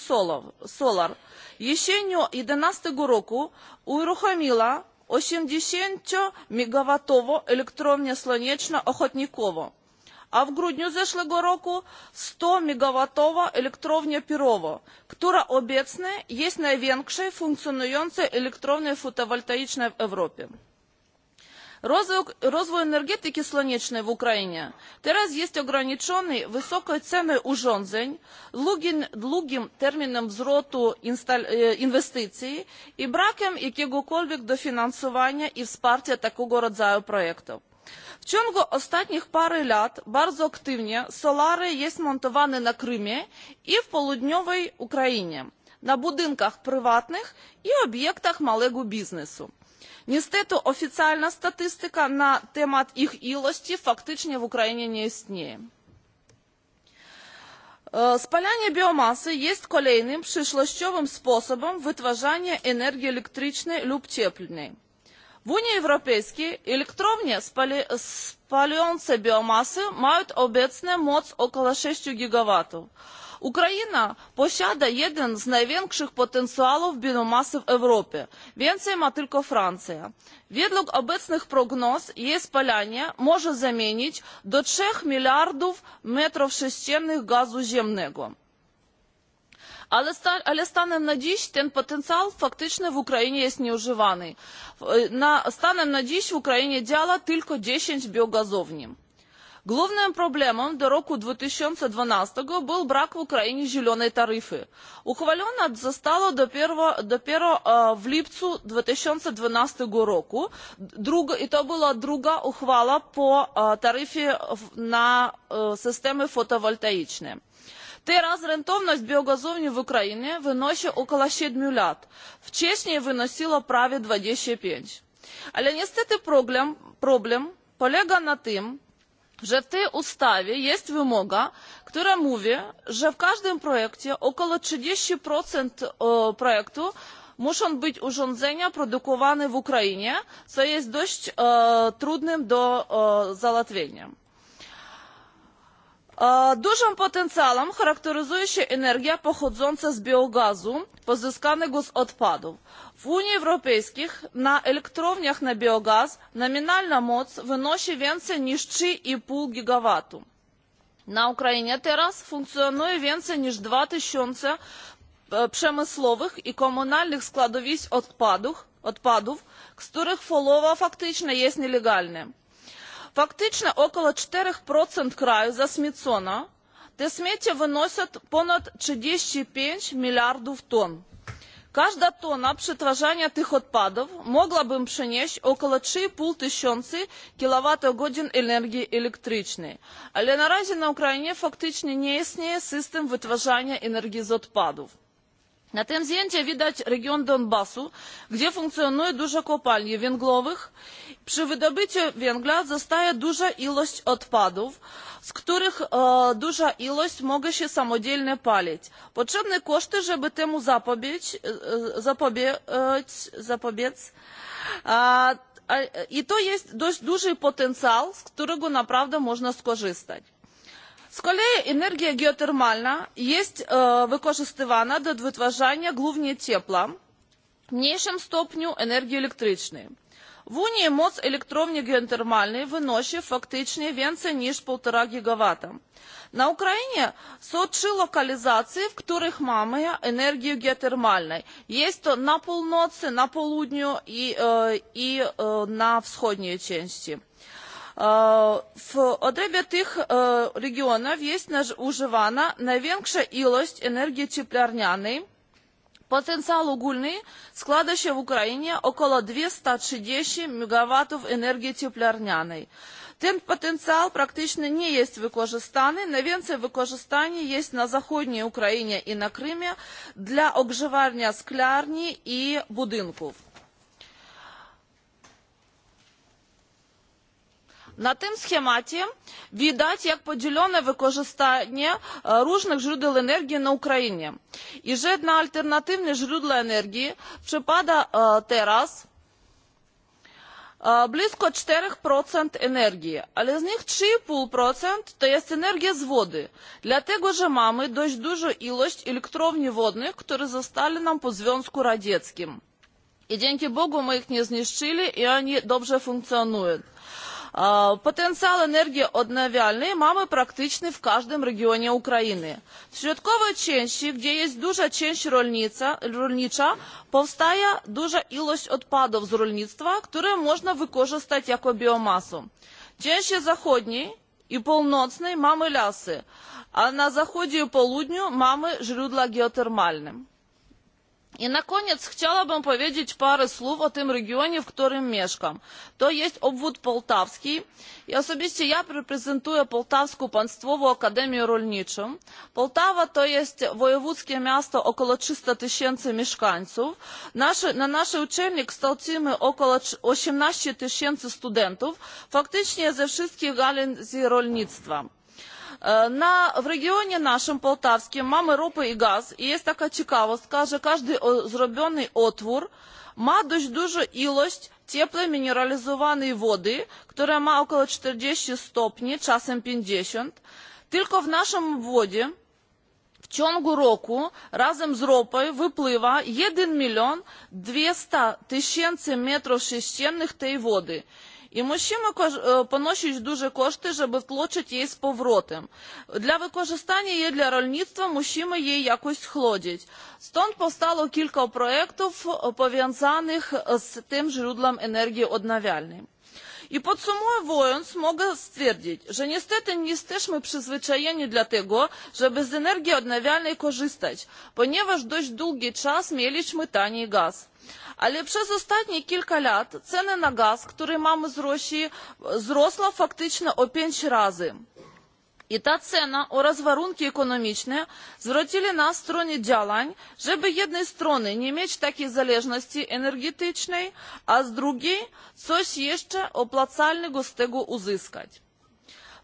solar. jesienią 2011 roku uruchomiła 80 megawatową elektrownię słoneczno ochotnikową a w grudniu zeszłego roku 100 megawatowa elektrownię Pirowo, która obecnie jest największą funkcjonującą elektrownią fotowoltaiczną w Europie. Rozwój energetyki słonecznej w Ukrainie teraz jest ograniczony wysoką ceną urządzeń, długim terminem wzrostu inwestycji i brakiem jakiegokolwiek dofinansowania i wsparcia takiego rodzaju projektów. W ciągu ostatnich paru lat bardzo aktywnie solary jest montowane na Krymie i w południowej Ukrainie, na budynkach prywatnych i obiektach małego biznesu. Niestety oficjalna statystyka na temat ich ilości faktycznie w Ukrainie nie istnieje. Spalanie biomasy jest kolejnym przyszłościowym sposobem wytwarzania energii elektrycznej lub cieplnej. W Unii Europejskiej elektrownie spalające biomasę mają obecnie moc około 6 gigawatów Ukraina posiada jeden z największych potencjałów biomasy w Europie, więcej ma tylko Francja. Według obecnych prognoz jej spalanie może zamienić do 3 miliardów metrów sześciennych gazu ziemnego. Ale stanem na dziś ten potencjał faktycznie w Ukrainie jest nieużywany. Stanem na dziś w Ukrainie działa tylko 10 biogazowni. Главным проблемом до року 2012 был брак в Украине зеленой тарифы. Ухвалено до Ухвалена застала допіро в липцу 2012 року. и то була другая ухвала по тарифі на системи фотовольтаїчні. Teraz rentowność биогазовни в Украине wynosi около 7 лет. В Wcześniej wynosiła prawie 25. Ale niestety problem полега на tym, że w tej ustawie jest wymóg która mówi że w każdym projekcie około trzydzieści projektu muszą być urządzenia produkowane w ukrainie co jest dość trudne do załatwienia. dużym potencjałem charakteryzuje się energia pochodząca z biogazu pozyskanego z odpadów. W Unii na na elektrowniach na biogaz nominalna moc wynosi więcej niż 3,5 GW. Na Ukrainie teraz funkcjonuje więcej niż 2000 przemysłowych i komunalnych składowisk odpadów, z których połowa faktycznie jest nielegalna. Faktycznie około 4% kraju zasmiecona, te śmieci wynoszą ponad 35 miliardów ton. Każda tona przetwarzania tych odpadów mogłaby przynieść około 3,5 tysiąca kilowatogodzin energii elektrycznej. Ale na razie na Ukrainie faktycznie nie istnieje system wytwarzania energii z odpadów. Na tym zdjęciu widać region Donbasu, gdzie funkcjonuje dużo kopalni węglowych. Przy wydobyciu węgla zostaje duża ilość odpadów, z których duża ilość może się samodzielnie palić. Potrzebne koszty, żeby temu zapobiec. I to jest dość duży potencjał, z którego naprawdę można skorzystać. Z kolei energia geotermalna jest wykorzystywana do wytwarzania głównie ciepła, w mniejszym stopniu energii elektrycznej. W Unii moc elektrowni geotermalnej wynosi faktycznie więcej niż 1,5 gigawata. Na Ukrainie są trzy lokalizacje, w których mamy energię geotermalną. Jest to na północy, na południu i na wschodniej części. W odrębie tych regionów jest używana największa ilość energii cieplarnianej. Potencjał ogólny składa się w Ukrainie około 230 MW energii cieplarnianej. Ten potencjał praktycznie nie jest wykorzystany. Najwięcej wykorzystanie jest na zachodniej Ukrainie i na Krymie dla ogrzewania sklarni i budynków. Na tym schemacie widać, jak podzielone wykorzystanie różnych źródeł energii na Ukrainie i że na alternatywne źródła energii przypada teraz blisko 4% energii, ale z nich 3,5% to jest energia z wody, dlatego że mamy dość dużą ilość elektrowni wodnych, które zostały nam po Związku Radzieckim. I dzięki Bogu my ich nie zniszczyli i oni dobrze funkcjonują Потенциал energii odnawialnej mamy практичний w każdym regionie Ukrainy. В Środkowej części, gdzie jest duża część rolnicza, powstaje duża ilość odpadów z rolnictwa, które można wykorzystać jako biomasę. W części zachodniej i północnej mamy lasy, a na zachodzie i południu mamy źródła geotermalne I na koniec chciałabym powiedzieć parę słów o tym regionie, w którym mieszkam. To jest obwód poltawski i osobiście ja reprezentuję Poltawską Państwową Akademię Rolniczą. Poltawa to jest wojewódzkie miasto około 300 tysięcy mieszkańców. Na nasze uczelnik kształcimy około 18 tysięcy studentów, faktycznie ze wszystkich z rolnictwa W regionie naszym Полтавському mamy ropę i gaz, i jest taka ciekawostka, że kazdy zrobiony otwór ma dość dużą ilość cieplej mineralizowanej wody, która ma około 40 stopni, czasem 50. Tylko w naszym wodzie w ciągu roku razem z ropą wypływa jeden milion 200 tysięcy metrów sześciennych tej wody. Musimy ponosić duże koszty, żeby щоб втлочити z powrotem. Dla wykorzystania jej dla для musimy jej jakoś якось Stąd powstało kilka projektów powiązanych z tym źródłem energii odnawialnej. I podsumowując, mogę stwierdzić, że niestety nie jesteśmy przyzwyczajeni do tego, żeby z energii odnawialnej korzystać, ponieważ dość długi czas mieliśmy tani gaz Ale przez ostatnie kilka lat ceny na gaz, który mamy z Rosji, wzrosła faktycznie o 5 razy. I ta cena oraz warunki ekonomiczne zwrócili nas w stronę działań, żeby z jednej strony nie mieć takiej zależności energetycznej, a z drugiej coś jeszcze opłacalnego z tego uzyskać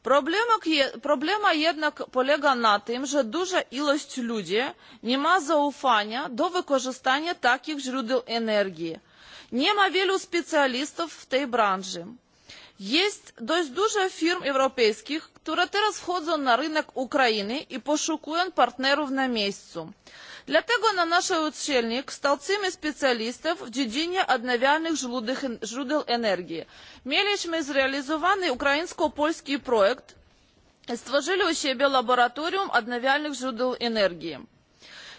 Problema jednak polega na tym, że duża ilość ludzi nie ma zaufania do wykorzystania takich źródeł energii. Nie ma wielu specjalistów w tej branży. Jest dość dużo firm europejskich, które teraz wchodzą na rynek Ukrainy i poszukują partnerów na miejscu dlatego na naszej uczelni kształcimy specjalistów w dziedzinie odnawialnych źródeł energii. mieliśmy zrealizowany ukraińsko polski projekt i stworzyli u siebie laboratorium odnawialnych źródeł energii.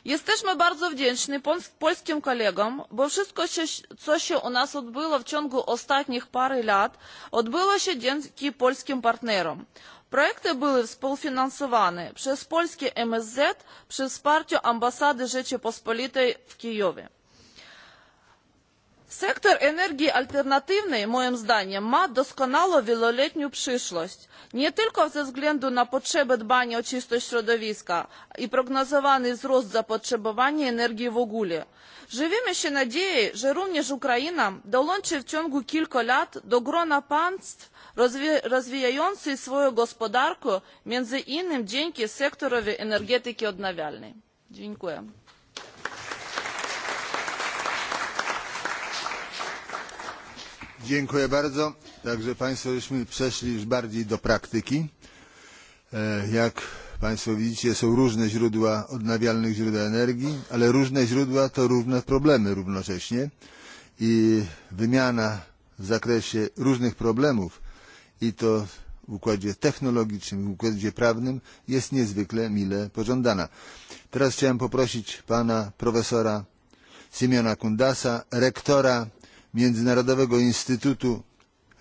Jesteśmy bardzo wdzięczni polskim kolegom, bo wszystko, co się u nas odbyło w ciągu ostatnich paru lat, odbyło się dzięki polskim partnerom. Projekty były współfinansowane przez polskie MSZ przy wsparciu Ambasady Rzeczypospolitej w Kijowie. Sektor energii alternatywnej, moim zdaniem, ma doskonałą wieloletnią przyszłość. Nie tylko ze względu na potrzebę dbania o czystość środowiska i prognozowany wzrost zapotrzebowania energii w ogóle. Żywimy się nadziei, że również Ukraina dołączy w ciągu kilku lat do grona państw, Rozwijający swoją gospodarkę między innymi dzięki sektorowi energetyki odnawialnej. Dziękuję. Dziękuję bardzo. Także Państwo żeśmy przeszli już bardziej do praktyki. Jak Państwo widzicie, są różne źródła odnawialnych źródeł energii, ale różne źródła to różne problemy równocześnie i wymiana w zakresie różnych problemów i to w układzie technologicznym, w układzie prawnym jest niezwykle mile pożądana. Teraz chciałem poprosić pana profesora Simiona Kundasa, rektora Międzynarodowego Instytutu,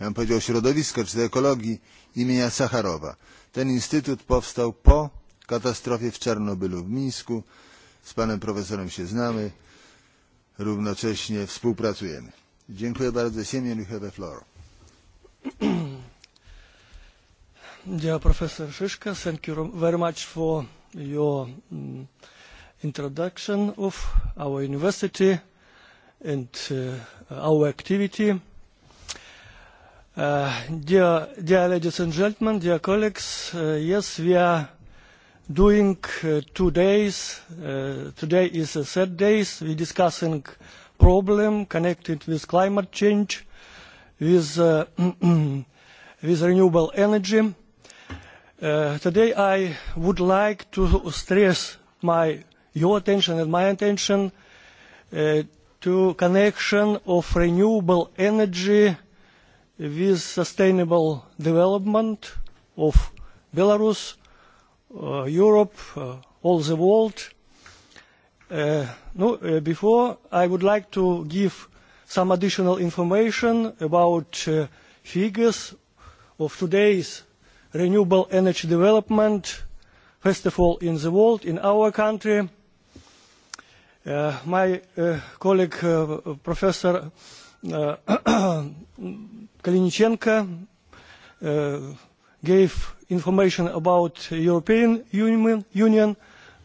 ja bym powiedział środowiska czy ekologii imienia Sacharowa. Ten instytut powstał po katastrofie w Czarnobylu w Mińsku. Z panem profesorem się znamy, równocześnie współpracujemy. Dziękuję bardzo. Simeon, you have the floor. Dear Professor Shishka, thank you very much for your introduction of our university and our activity. Dear ladies and gentlemen, dear colleagues, yes, we are doing two days. Today is a third day. are discussing problem connected with climate change, with with renewable energy Today I would like to stress my your attention and my attention to the connection of renewable energy with sustainable development of Belarus, Europe, all the world. Before, I would like to give some additional information about figures of today's renewable energy development, first of all in the world, in our country. My colleague Professor Kalinichenko gave information about European Union,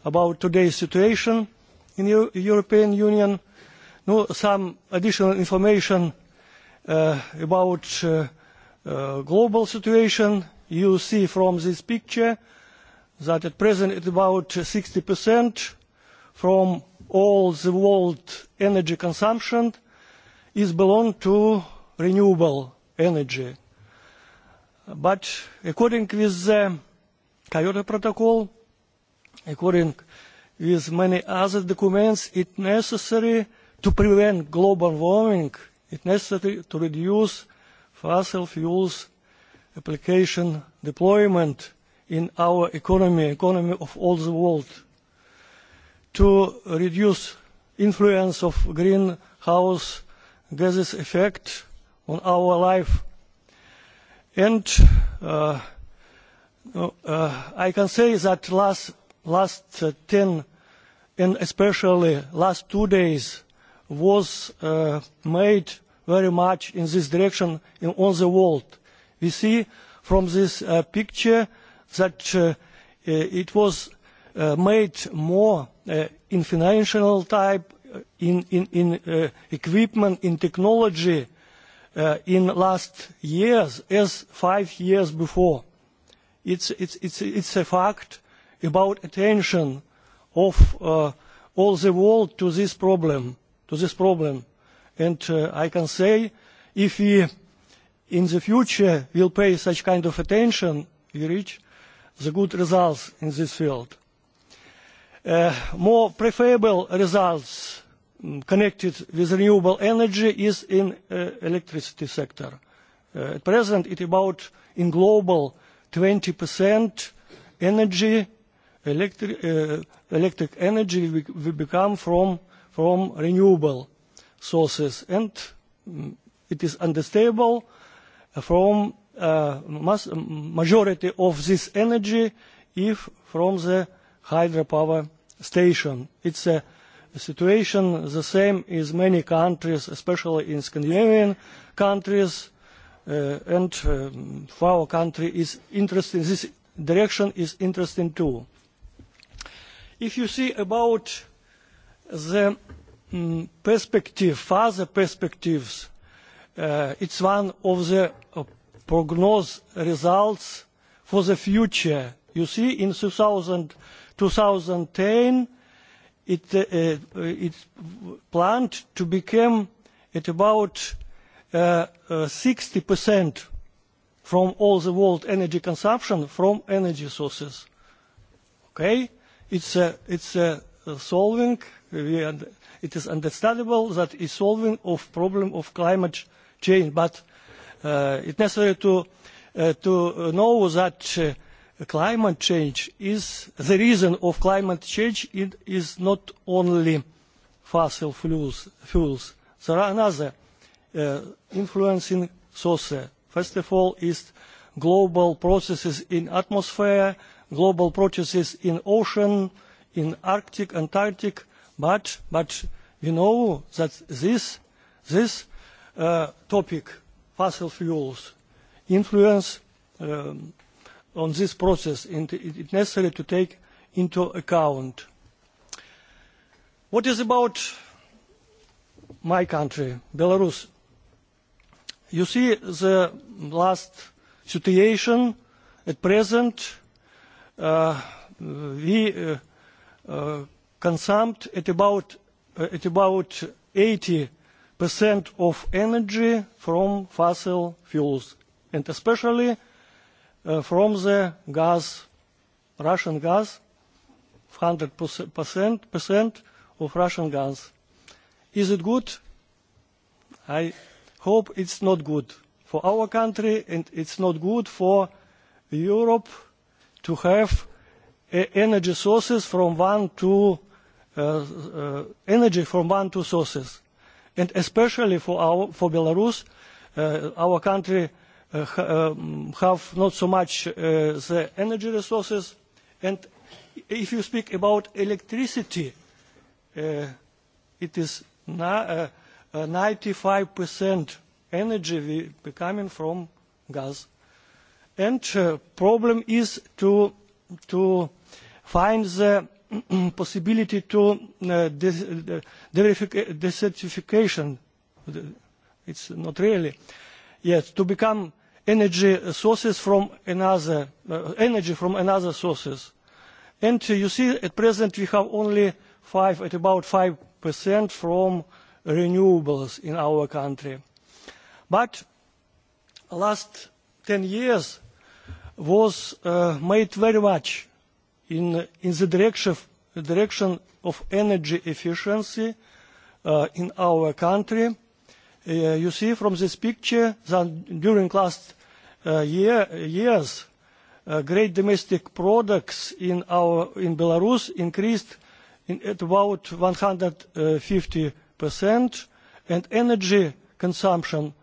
about today's situation in the European Union. Some additional information about global situation You see from this picture that at present about 60% from all the world energy consumption is belong to renewable energy. But according with the Kyoto Protocol, according to many other documents, it necessary to prevent global warming, It necessary to reduce fossil fuels application, deployment in our economy, economy of all the world, to reduce influence of greenhouse gases effect on our life. And I can say that last last 10 and especially last two days was made very much in this direction in all the world We see from this picture that it was made more in financial type, in equipment, in technology in last years as five years before. It's a fact about attention of all the world to this problem, to this problem. And I can say if we in the future will pay such kind of attention, we reach the good results in this field. More preferable results connected with renewable energy is in electricity sector. At present, it is about in global 20% energy, electric energy we become from renewable sources, and it is understandable from majority of this energy if from the hydropower station. It's a situation the same as many countries, especially in Scandinavian countries, and for our country is interesting. This direction is interesting too. If you see about the perspective, further perspectives It's one of the prognose results for the future. You see, in 2010, it's planned to become at about 60% from all the world energy consumption from energy sources. Okay? It's solving, it is understandable that is solving of problem of climate change, but it's necessary to know that climate change is the reason of climate change It is not only fossil fuels. There are another influencing sources. First of all is global processes in atmosphere, global processes in ocean, in Arctic, Antarctic, but we know that this topic, fossil fuels, influence on this process, and it is necessary to take into account. What is about my country, Belarus? You see the last situation at present, we consumed at about 80 percent of energy from fossil fuels and especially from the gas Russian gas 100% of Russian gas. Is it good? I hope it's not good for our country and it's not good for Europe to have energy sources from one to energy from one to sources and especially for our for Belarus, our country have not so much the energy resources, and if you speak about electricity, it is 95% energy coming from gas, and the problem is to to find the possibility to desertification, it's not really, yes, to become energy sources from another, energy from another sources. And you see at present we have only five, at about 5% from renewables in our country. But last 10 years was made very much in the direction of energy efficiency in our country. You see from this picture that during last years, great domestic products in Belarus increased at about 150%, and energy consumption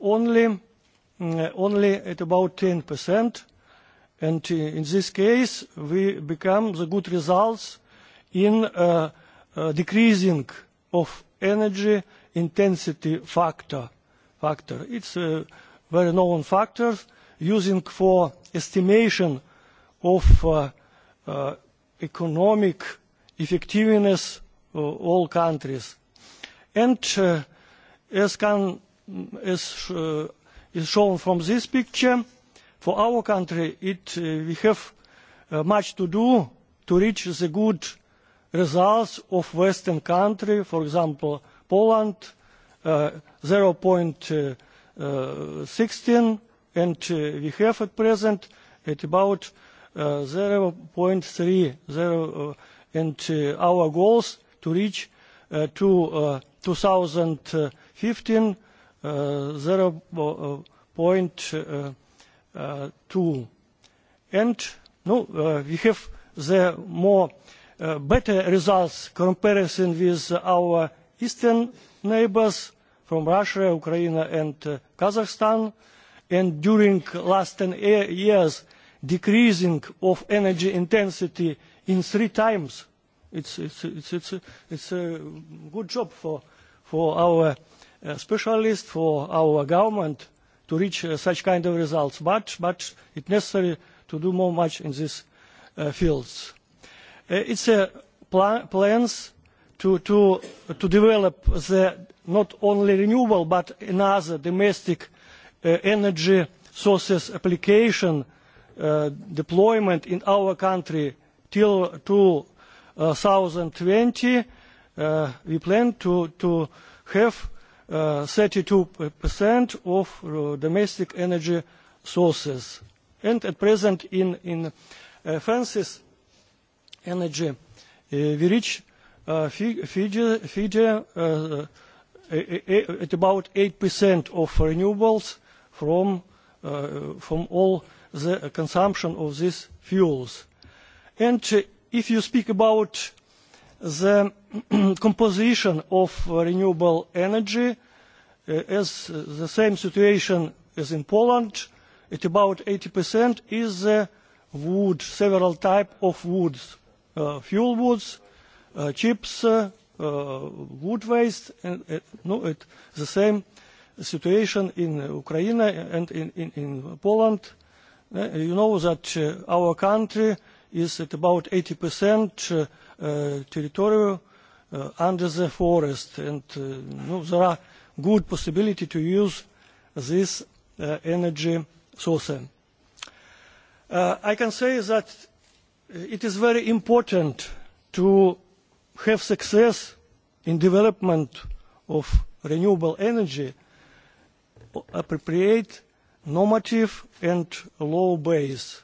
only at about 10%. And in this case, we become the good results in decreasing of energy intensity factor. Factor. It's a very known factor using for estimation of economic effectiveness of all countries. And as is shown from this picture, For our country, we have much to do to reach the good results of Western countries, for example, Poland, 0.16, and we have at present at about 0.3, and our goals to reach to 2015 zero tool. And we have the more better results comparison with our eastern neighbours from Russia, Ukraine and Kazakhstan. And during last 10 years, decreasing of energy intensity in three times. It's it's it's it's a good job for our specialists, for our government to reach such kind of results, but but it's necessary to do more much in these fields. It's plans to to to develop the not only renewable but another domestic energy sources application deployment in our country till 2020. We plan to to have 32% of domestic energy sources. And at present in France's energy, we reach figure at about 8% of renewables from all the consumption of these fuels. And if you speak about The composition of renewable energy is the same situation as in Poland. At about 80% is wood, several types of woods, fuel woods, chips, wood waste. The same situation in Ukraine and in Poland. You know that our country is at about 80% territorial under the forest and there are good possibility to use this energy source. I can say that it is very important to have success in development of renewable energy appropriate normative and law base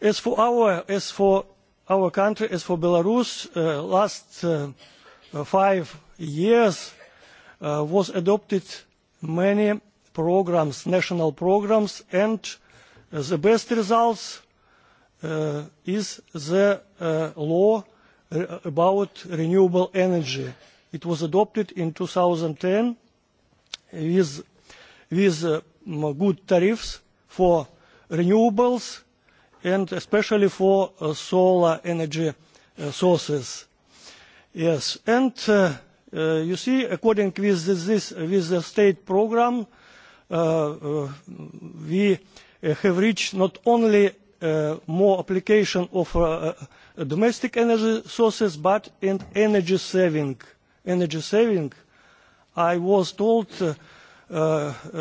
As for our, for our country, as for Belarus, last five years was adopted many programs, national programs, and the best results is the law about renewable energy. It was adopted in 2010 with good tariffs for renewables and especially for solar energy sources. Yes, and you see, according with this, with the state program, we have reached not only more application of domestic energy sources, but in energy saving. Energy saving. I was told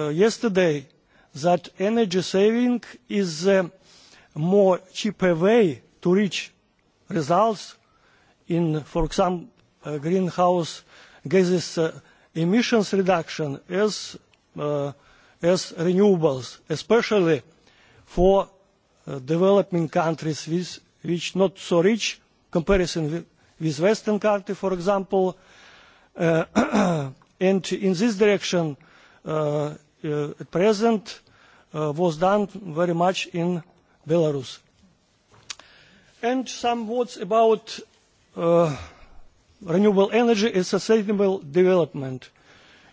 yesterday that energy saving is more cheaper way to reach results in, for example, greenhouse gases emissions reduction as renewables, especially for developing countries which are not so rich, comparison with Western countries, for example. And in this direction, at present, was done very much in Belarus. And some words about renewable energy and sustainable development.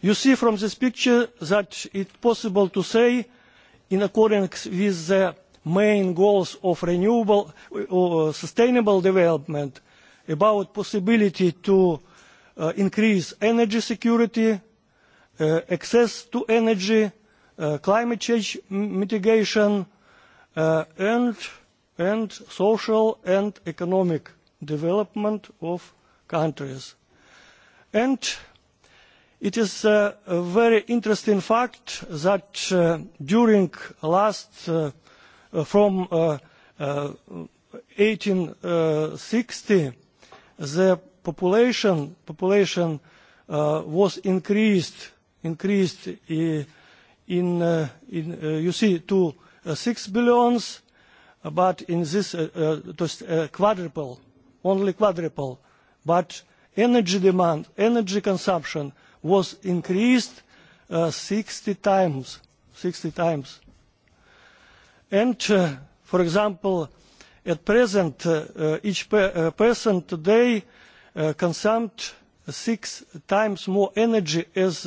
You see from this picture that it's possible to say, in accordance with the main goals of renewable sustainable development, about possibility to increase energy security, access to energy, climate change mitigation, and social and economic development of countries. And it is a very interesting fact that during last from 1860 the population population was increased increased in in you see to 6 billion, but in this quadruple, only quadruple. But energy demand, energy consumption was increased 60 times, 60 times. And, for example, at present, each person today consumed 6 times more energy as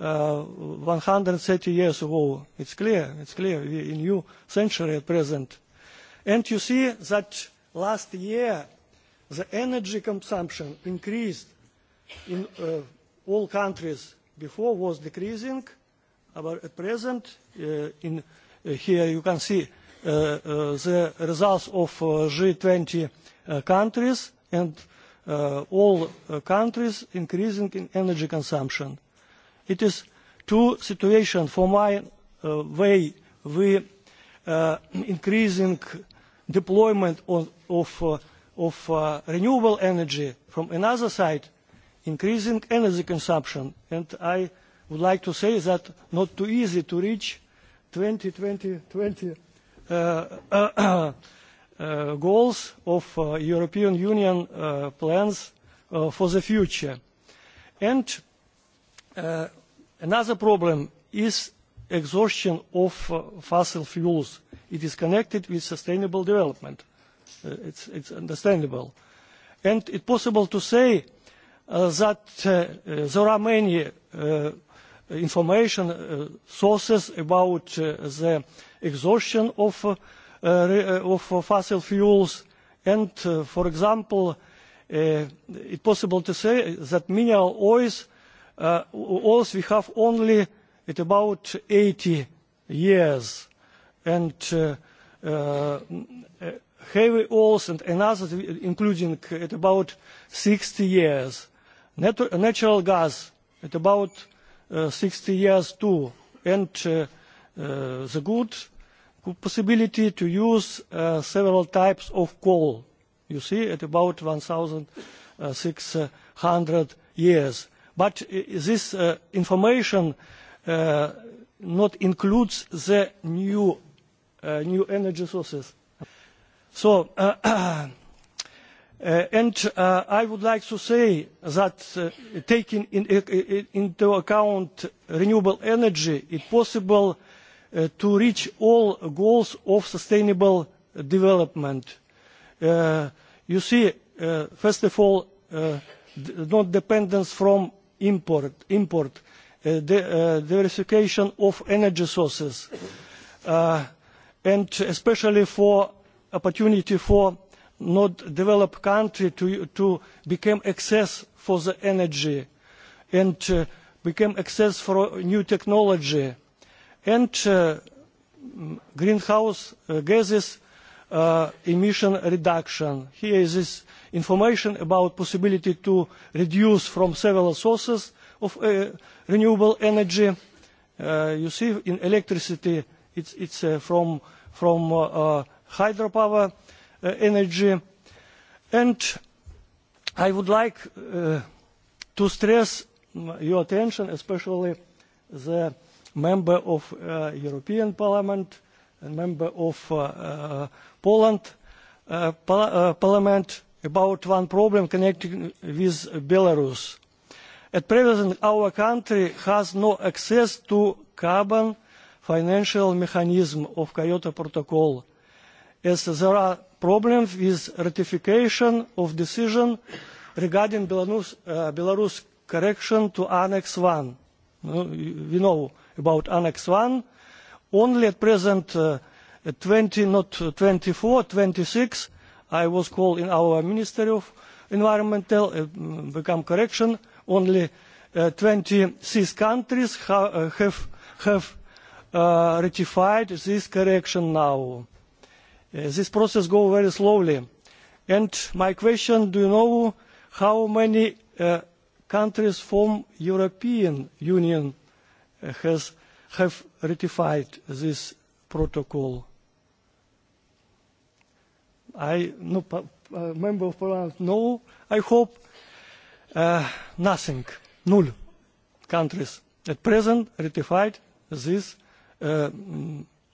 130 years ago. It's clear, it's clear, In new century at present. And you see that last year the energy consumption increased in all countries. Before was decreasing, but at present, in here you can see the results of G20 countries and all countries increasing in energy consumption. It is two situations for my way we increasing deployment of renewable energy from another side, increasing energy consumption. And I would like to say that not too easy to reach 2020 goals of European Union plans for the future. And Another problem is exhaustion of fossil fuels. It is connected with sustainable development. It's understandable. And is possible to say that there are many information sources about the exhaustion of fossil fuels. And, for example, it is possible to say that mineral oils also we have only at about 80 years and heavy oils and others including at about 60 years natural gas at about 60 years too and the good possibility to use several types of coal you see at about 1600 years but this information not includes the new new energy sources. So and I would like to say that taking into account renewable energy, it is possible to reach all goals of sustainable development. You see, first of all, not dependence from import, diversification of energy sources, and especially for opportunity for not developed country to become access for the energy and become access for new technology and greenhouse gases emission reduction. Here is information about possibility to reduce from several sources of renewable energy. You see, in electricity, it's from hydropower energy. And I would like to stress your attention, especially the member of European Parliament and member of Poland Parliament about one problem connected with Belarus. At present, our country has no access to carbon financial mechanism of Kyoto Protocol, as there are problems with ratification of decision regarding Belarus correction to Annex 1. We know about Annex 1. Only at present, 20, not 24, 26 I was called in our Ministry of Environmental, become correction, only 26 countries have ratified this correction now. This process goes very slowly. And my question, do you know how many countries from European Union have ratified this protocol? I no member of parliament no I hope nothing null countries at present ratified this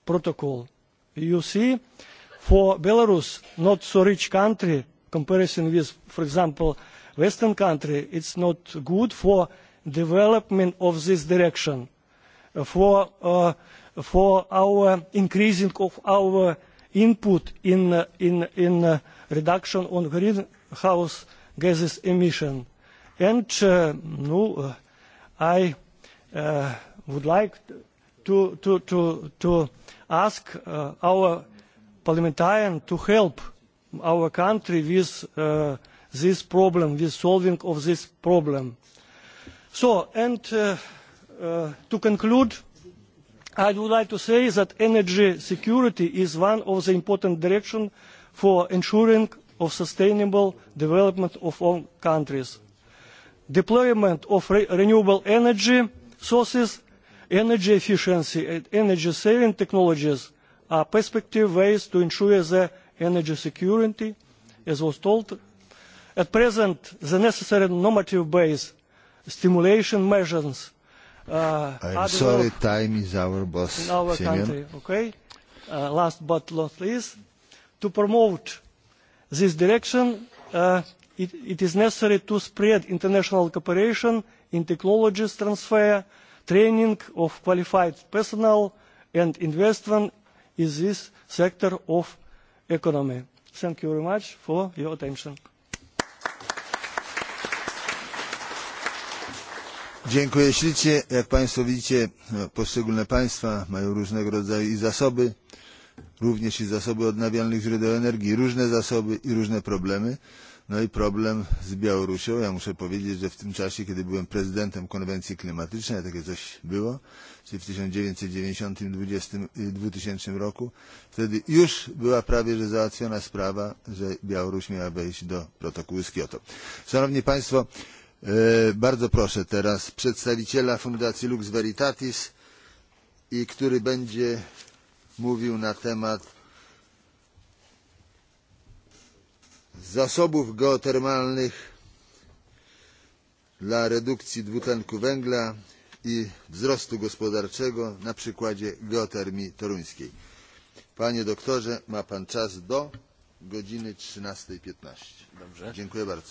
protocol. You see for Belarus not so rich country comparison with for example Western country it's not good for development of this direction for for our increasing of our input in in reduction on greenhouse gases emission. And I would like to to to ask our parliamentarian to help our country with this problem, with solving of this problem. So and to conclude I would like to say that energy security is one of the important directions for ensuring of sustainable development of all countries. Deployment of renewable energy sources, energy efficiency and energy saving technologies are perspective ways to ensure the energy security, as was told. At present, the necessary normative base stimulation measures I'm sorry, time is our boss. In our country, okay. Last but not least, to promote this direction, it is necessary to spread international cooperation in technologies transfer, training of qualified personnel, and investment in this sector of economy. Thank you very much for your attention. Dziękuję Jak Państwo widzicie, poszczególne państwa mają różnego rodzaju i zasoby, również i zasoby odnawialnych źródeł energii, różne zasoby i różne problemy. No i problem z Białorusią. Ja muszę powiedzieć, że w tym czasie, kiedy byłem prezydentem konwencji klimatycznej, a takie coś było, czyli w 1990-2000 roku, wtedy już była prawie, że załatwiona sprawa, że Białoruś miała wejść do protokołu z Kioto. Szanowni Państwo, Bardzo proszę teraz przedstawiciela Fundacji Lux Veritatis, i który będzie mówił na temat zasobów geotermalnych dla redukcji dwutlenku węgla i wzrostu gospodarczego na przykładzie geotermii toruńskiej. Panie doktorze, ma pan czas do godziny 13.15. Dziękuję bardzo.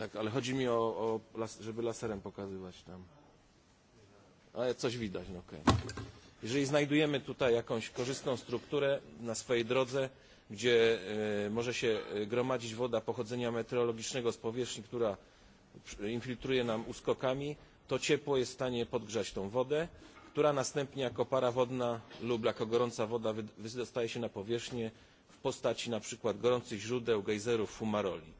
Tak, ale chodzi mi o, żeby laserem pokazywać tam. Ale coś widać, no okej. Jeżeli znajdujemy tutaj jakąś korzystną strukturę na swojej drodze, gdzie może się gromadzić woda pochodzenia meteorologicznego z powierzchni, która infiltruje nam uskokami, to ciepło jest w stanie podgrzać tą wodę, która następnie jako para wodna lub jako gorąca woda wydostaje się na powierzchnię w postaci na przykład gorących źródeł, gejzerów, fumaroli.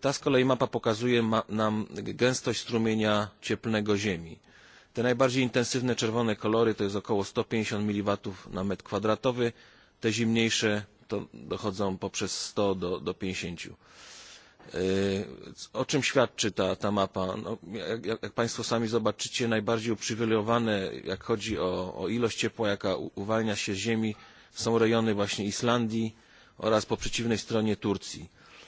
Ta z kolei mapa pokazuje nam gęstość strumienia cieplnego Ziemi. Te najbardziej intensywne czerwone kolory to jest około 150 mW na metr kwadratowy, te zimniejsze to dochodzą poprzez 100 do 50. O czym świadczy ta mapa? Jak Państwo sami zobaczycie, najbardziej uprzywilejowane, jak chodzi o ilość ciepła, jaka uwalnia się z Ziemi, są rejony właśnie Islandii oraz po przeciwnej stronie Turcji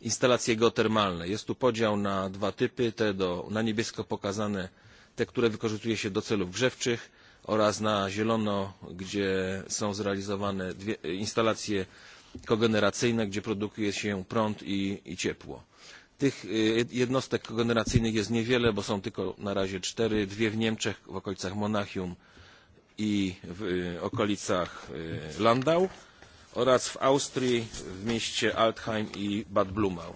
instalacje geotermalne. Jest tu podział na dwa typy, te na niebiesko pokazane, te, które wykorzystuje się do celów grzewczych oraz na zielono, gdzie są zrealizowane instalacje kogeneracyjne, gdzie produkuje się prąd i ciepło. Tych jednostek kogeneracyjnych jest niewiele, bo są tylko na razie cztery, dwie w Niemczech, w okolicach Monachium i w okolicach Landau oraz w Austrii w mieście Altheim i Bad Blumau.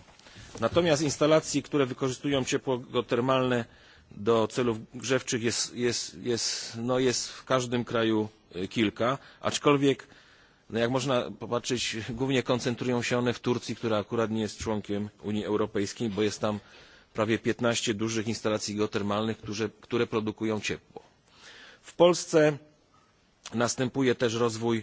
Natomiast instalacji, które wykorzystują ciepło geotermalne do celów grzewczych jest w każdym kraju kilka, aczkolwiek jak można popatrzeć, głównie koncentrują się one w Turcji, która akurat nie jest członkiem Unii Europejskiej, bo jest tam prawie 15 dużych instalacji geotermalnych, które produkują ciepło. W Polsce następuje też rozwój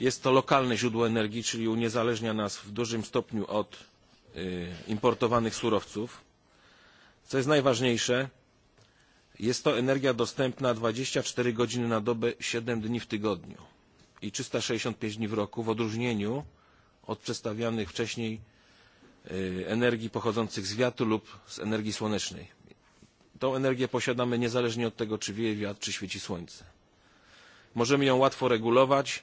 Jest to lokalne źródło energii, czyli uniezależnia nas w dużym stopniu od importowanych surowców. Co jest najważniejsze, jest to energia dostępna 24 godziny na dobę, 7 dni w tygodniu i 365 dni w roku, w odróżnieniu od przedstawianych wcześniej energii pochodzących z wiatru lub z energii słonecznej. Tą energię posiadamy niezależnie od tego, czy wieje wiatr, czy świeci słońce. Możemy ją łatwo regulować,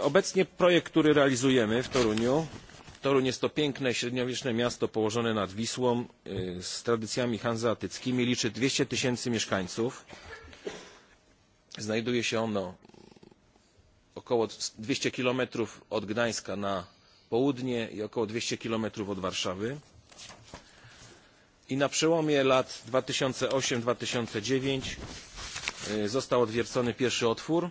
Obecnie projekt, który realizujemy w Toruniu, Toruń jest to piękne, średniowieczne miasto położone nad Wisłą z tradycjami hanzeatyckimi, liczy 200 tysięcy mieszkańców. Znajduje się ono około 200 kilometrów od Gdańska na południe i około 200 kilometrów od Warszawy. I na przełomie lat 2008-2009 został odwiercony pierwszy otwór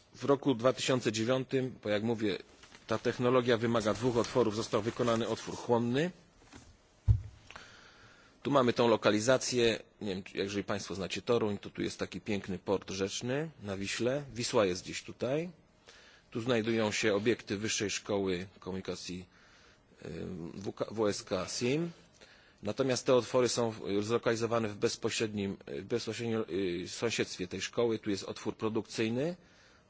W roku 2009, bo jak mówię, ta technologia wymaga dwóch otworów, został wykonany otwór chłonny. Tu mamy tą lokalizację, nie wiem, jeżeli Państwo znacie Toruń, to tu jest taki piękny port rzeczny na Wiśle. Wisła jest gdzieś tutaj. Tu znajdują się obiekty Wyższej Szkoły Komunikacji WSK SIM. Natomiast te otwory są zlokalizowane w bezpośrednim sąsiedztwie tej szkoły. Tu jest otwór produkcyjny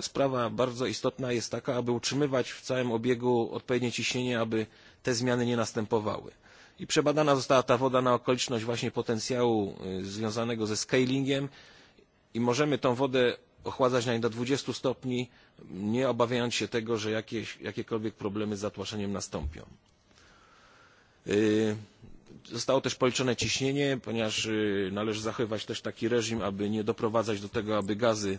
Sprawa bardzo istotna jest taka, aby utrzymywać w całym obiegu odpowiednie ciśnienie, aby te zmiany nie następowały. I przebadana została ta woda na okoliczność właśnie potencjału związanego ze scalingiem i możemy tą wodę ochładzać na do 20 stopni, nie obawiając się tego, że jakiekolwiek problemy z zatłaszaniem nastąpią. Zostało też policzone ciśnienie, ponieważ należy zachowywać też taki reżim, aby nie doprowadzać do tego, aby gazy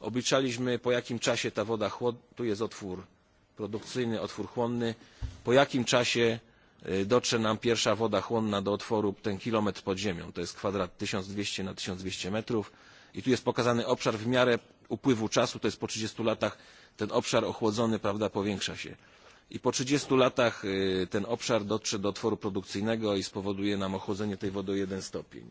Obliczaliśmy, po jakim czasie ta woda chłod... tu jest otwór produkcyjny, otwór chłonny, po jakim czasie dotrze nam pierwsza woda chłonna do otworu, ten kilometr pod ziemią, to jest kwadrat 1200 na 1200 metrów i tu jest pokazany obszar w miarę upływu czasu, to jest po 30 latach ten obszar ochłodzony, powiększa się. I po 30 latach ten obszar dotrze do otworu produkcyjnego i spowoduje nam ochłodzenie tej wody o 1 stopień.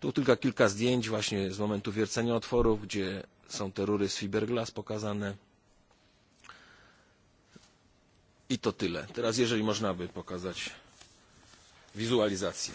Tu tylko kilka zdjęć właśnie z momentu wiercenia otworów, gdzie są te rury z fiberglass pokazane. I to tyle. Teraz jeżeli można by pokazać wizualizację.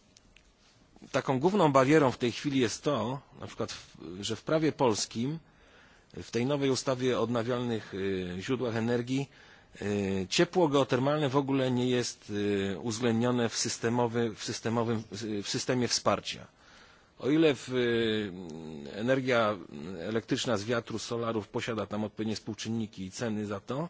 taką główną barierą w tej chwili jest to, na przykład, że w prawie polskim, w tej nowej ustawie o odnawialnych źródłach energii, ciepło geotermalne w ogóle nie jest uwzględnione w systemie wsparcia. O ile energia elektryczna z wiatru, solarów posiada tam odpowiednie współczynniki i ceny za to,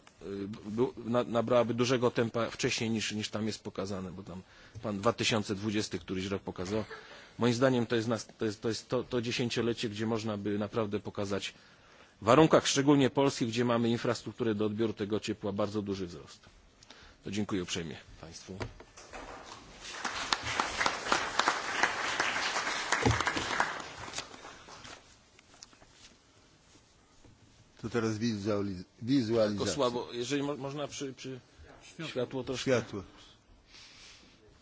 nabrałaby dużego tempa wcześniej niż tam jest pokazane, bo tam pan 2020 któryś rok pokazał. Moim zdaniem to jest to dziesięciolecie, gdzie można by naprawdę pokazać w warunkach szczególnie polskich, gdzie mamy infrastrukturę do odbioru tego ciepła, bardzo duży wzrost. To dziękuję uprzejmie Państwu. To teraz wizualizacja. Tylko słabo. Jeżeli można przy, przy światło troszkę światło.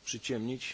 przyciemnić.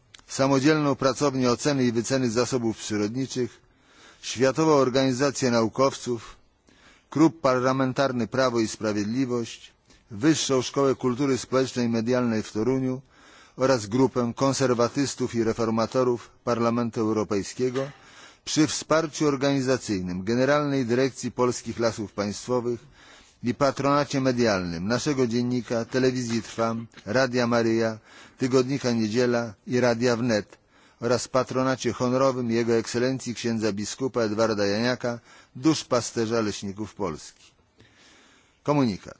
samodzielną pracownię oceny i wyceny zasobów przyrodniczych, Światową Organizację Naukowców, Klub Parlamentarny Prawo i Sprawiedliwość, Wyższą Szkołę Kultury Społecznej i Medialnej w Toruniu oraz Grupę Konserwatystów i Reformatorów Parlamentu Europejskiego przy wsparciu organizacyjnym Generalnej Dyrekcji Polskich Lasów Państwowych i patronacie medialnym naszego dziennika, telewizji Trwam, Radia Maryja, tygodnika Niedziela i Radia Wnet oraz patronacie honorowym Jego Ekscelencji księdza biskupa Edwarda Janiaka, duszpasterza leśników Polski. Komunikat.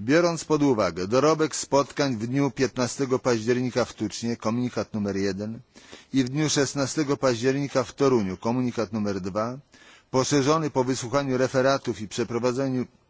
Biorąc pod uwagę dorobek spotkań w dniu 15 października w Tucznie, komunikat nr 1, i w dniu 16 października w Toruniu, komunikat nr 2, poszerzony po wysłuchaniu referatów i przeprowadzeniu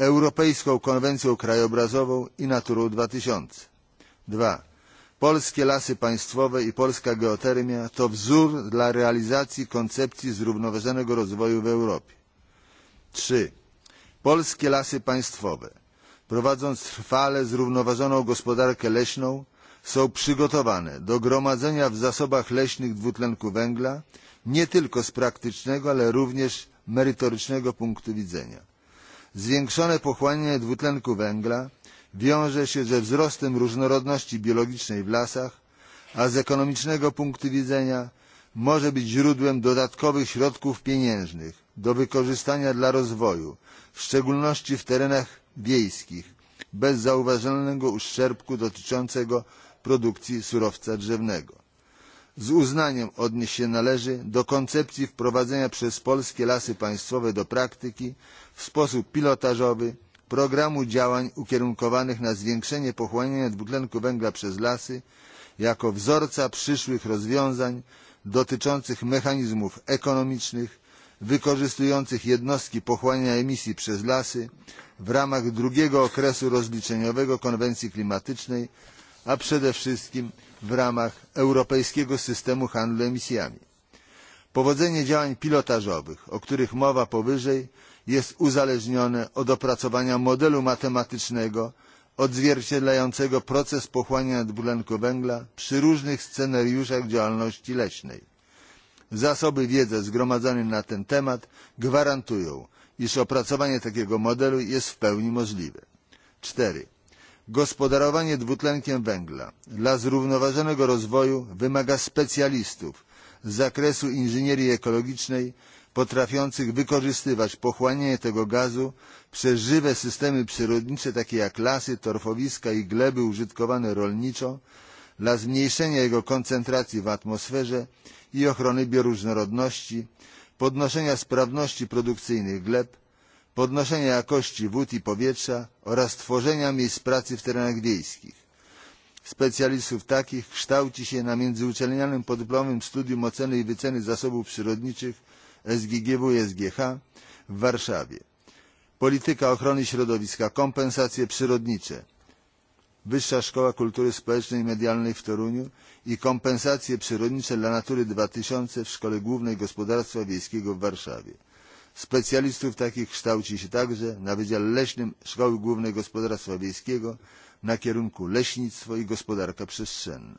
Europejską Konwencją Krajobrazową i Naturą 2000. 2. Polskie Lasy Państwowe i polska geotermia to wzór dla realizacji koncepcji zrównoważonego rozwoju w Europie. 3. Polskie Lasy Państwowe, prowadząc trwale zrównoważoną gospodarkę leśną, są przygotowane do gromadzenia w zasobach leśnych dwutlenku węgla nie tylko z praktycznego, ale również merytorycznego punktu widzenia Zwiększone pochłanianie dwutlenku węgla wiąże się ze wzrostem różnorodności biologicznej w lasach, a z ekonomicznego punktu widzenia może być źródłem dodatkowych środków pieniężnych do wykorzystania dla rozwoju, w szczególności w terenach wiejskich, bez zauważalnego uszczerbku dotyczącego produkcji surowca drzewnego. Z uznaniem odnieść się należy do koncepcji wprowadzenia przez polskie lasy państwowe do praktyki w sposób pilotażowy programu działań ukierunkowanych na zwiększenie pochłaniania dwutlenku węgla przez lasy jako wzorca przyszłych rozwiązań dotyczących mechanizmów ekonomicznych wykorzystujących jednostki pochłaniania emisji przez lasy w ramach drugiego okresu rozliczeniowego konwencji klimatycznej a przede wszystkim w ramach europejskiego systemu handlu emisjami. Powodzenie działań pilotażowych, o których mowa powyżej, jest uzależnione od opracowania modelu matematycznego odzwierciedlającego proces pochłaniania dwutlenku węgla przy różnych scenariuszach działalności leśnej. Zasoby wiedzy zgromadzone na ten temat gwarantują, iż opracowanie takiego modelu jest w pełni możliwe. 4. Gospodarowanie dwutlenkiem węgla dla zrównoważonego rozwoju wymaga specjalistów, z zakresu inżynierii ekologicznej potrafiących wykorzystywać pochłanianie tego gazu przez żywe systemy przyrodnicze takie jak lasy, torfowiska i gleby użytkowane rolniczo dla zmniejszenia jego koncentracji w atmosferze i ochrony bioróżnorodności, podnoszenia sprawności produkcyjnych gleb, podnoszenia jakości wód i powietrza oraz tworzenia miejsc pracy w terenach wiejskich. Specjalistów takich kształci się na międzyuczelnianym podyplomowym studium oceny i wyceny zasobów przyrodniczych SGGW-SGH w Warszawie. Polityka ochrony środowiska, kompensacje przyrodnicze. Wyższa Szkoła Kultury Społecznej i Medialnej w Toruniu i kompensacje przyrodnicze dla Natury 2000 w Szkole Głównej Gospodarstwa Wiejskiego w Warszawie. Specjalistów takich kształci się także na Wydziale Leśnym Szkoły Głównej Gospodarstwa Wiejskiego na kierunku leśnictwo i gospodarka przestrzenna.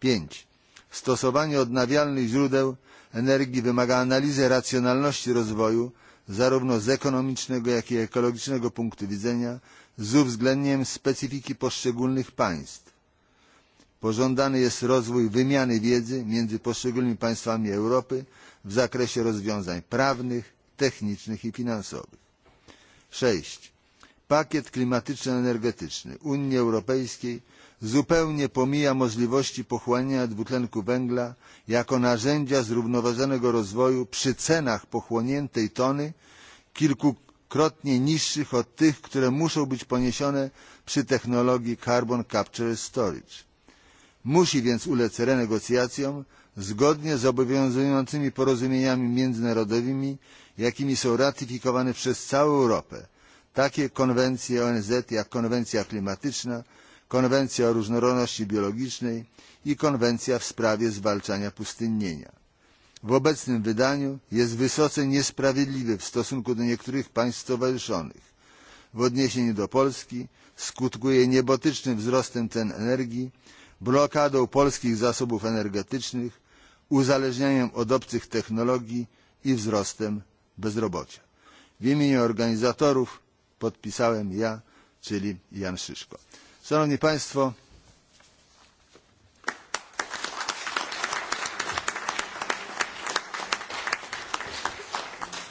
5. Stosowanie odnawialnych źródeł energii wymaga analizy racjonalności rozwoju zarówno z ekonomicznego, jak i ekologicznego punktu widzenia z uwzględnieniem specyfiki poszczególnych państw. Pożądany jest rozwój wymiany wiedzy między poszczególnymi państwami Europy w zakresie rozwiązań prawnych, technicznych i finansowych. 6 pakiet klimatyczno energetyczny unii europejskiej zupełnie pomija możliwości pochłaniania dwutlenku węgla jako narzędzia zrównoważonego rozwoju przy cenach pochłoniętej tony kilkukrotnie niższych od tych które muszą być poniesione przy technologii carbon capture and storage. musi więc ulec renegocjacjom zgodnie z obowiązującymi porozumieniami międzynarodowymi jakimi są ratyfikowane przez całą europę takie konwencje onz jak konwencja klimatyczna konwencja o różnorodności biologicznej i konwencja w sprawie zwalczania pustynnienia. w obecnym wydaniu jest wysoce niesprawiedliwy w stosunku do niektórych państw stowarzyszonych. w odniesieniu do polski skutkuje niebotycznym wzrostem cen energii blokadą polskich zasobów energetycznych uzależnianiem od obcych technologii i wzrostem bezrobocia. w imieniu organizatorów podpisałem ja, czyli Jan Szyszko. Szanowni Państwo,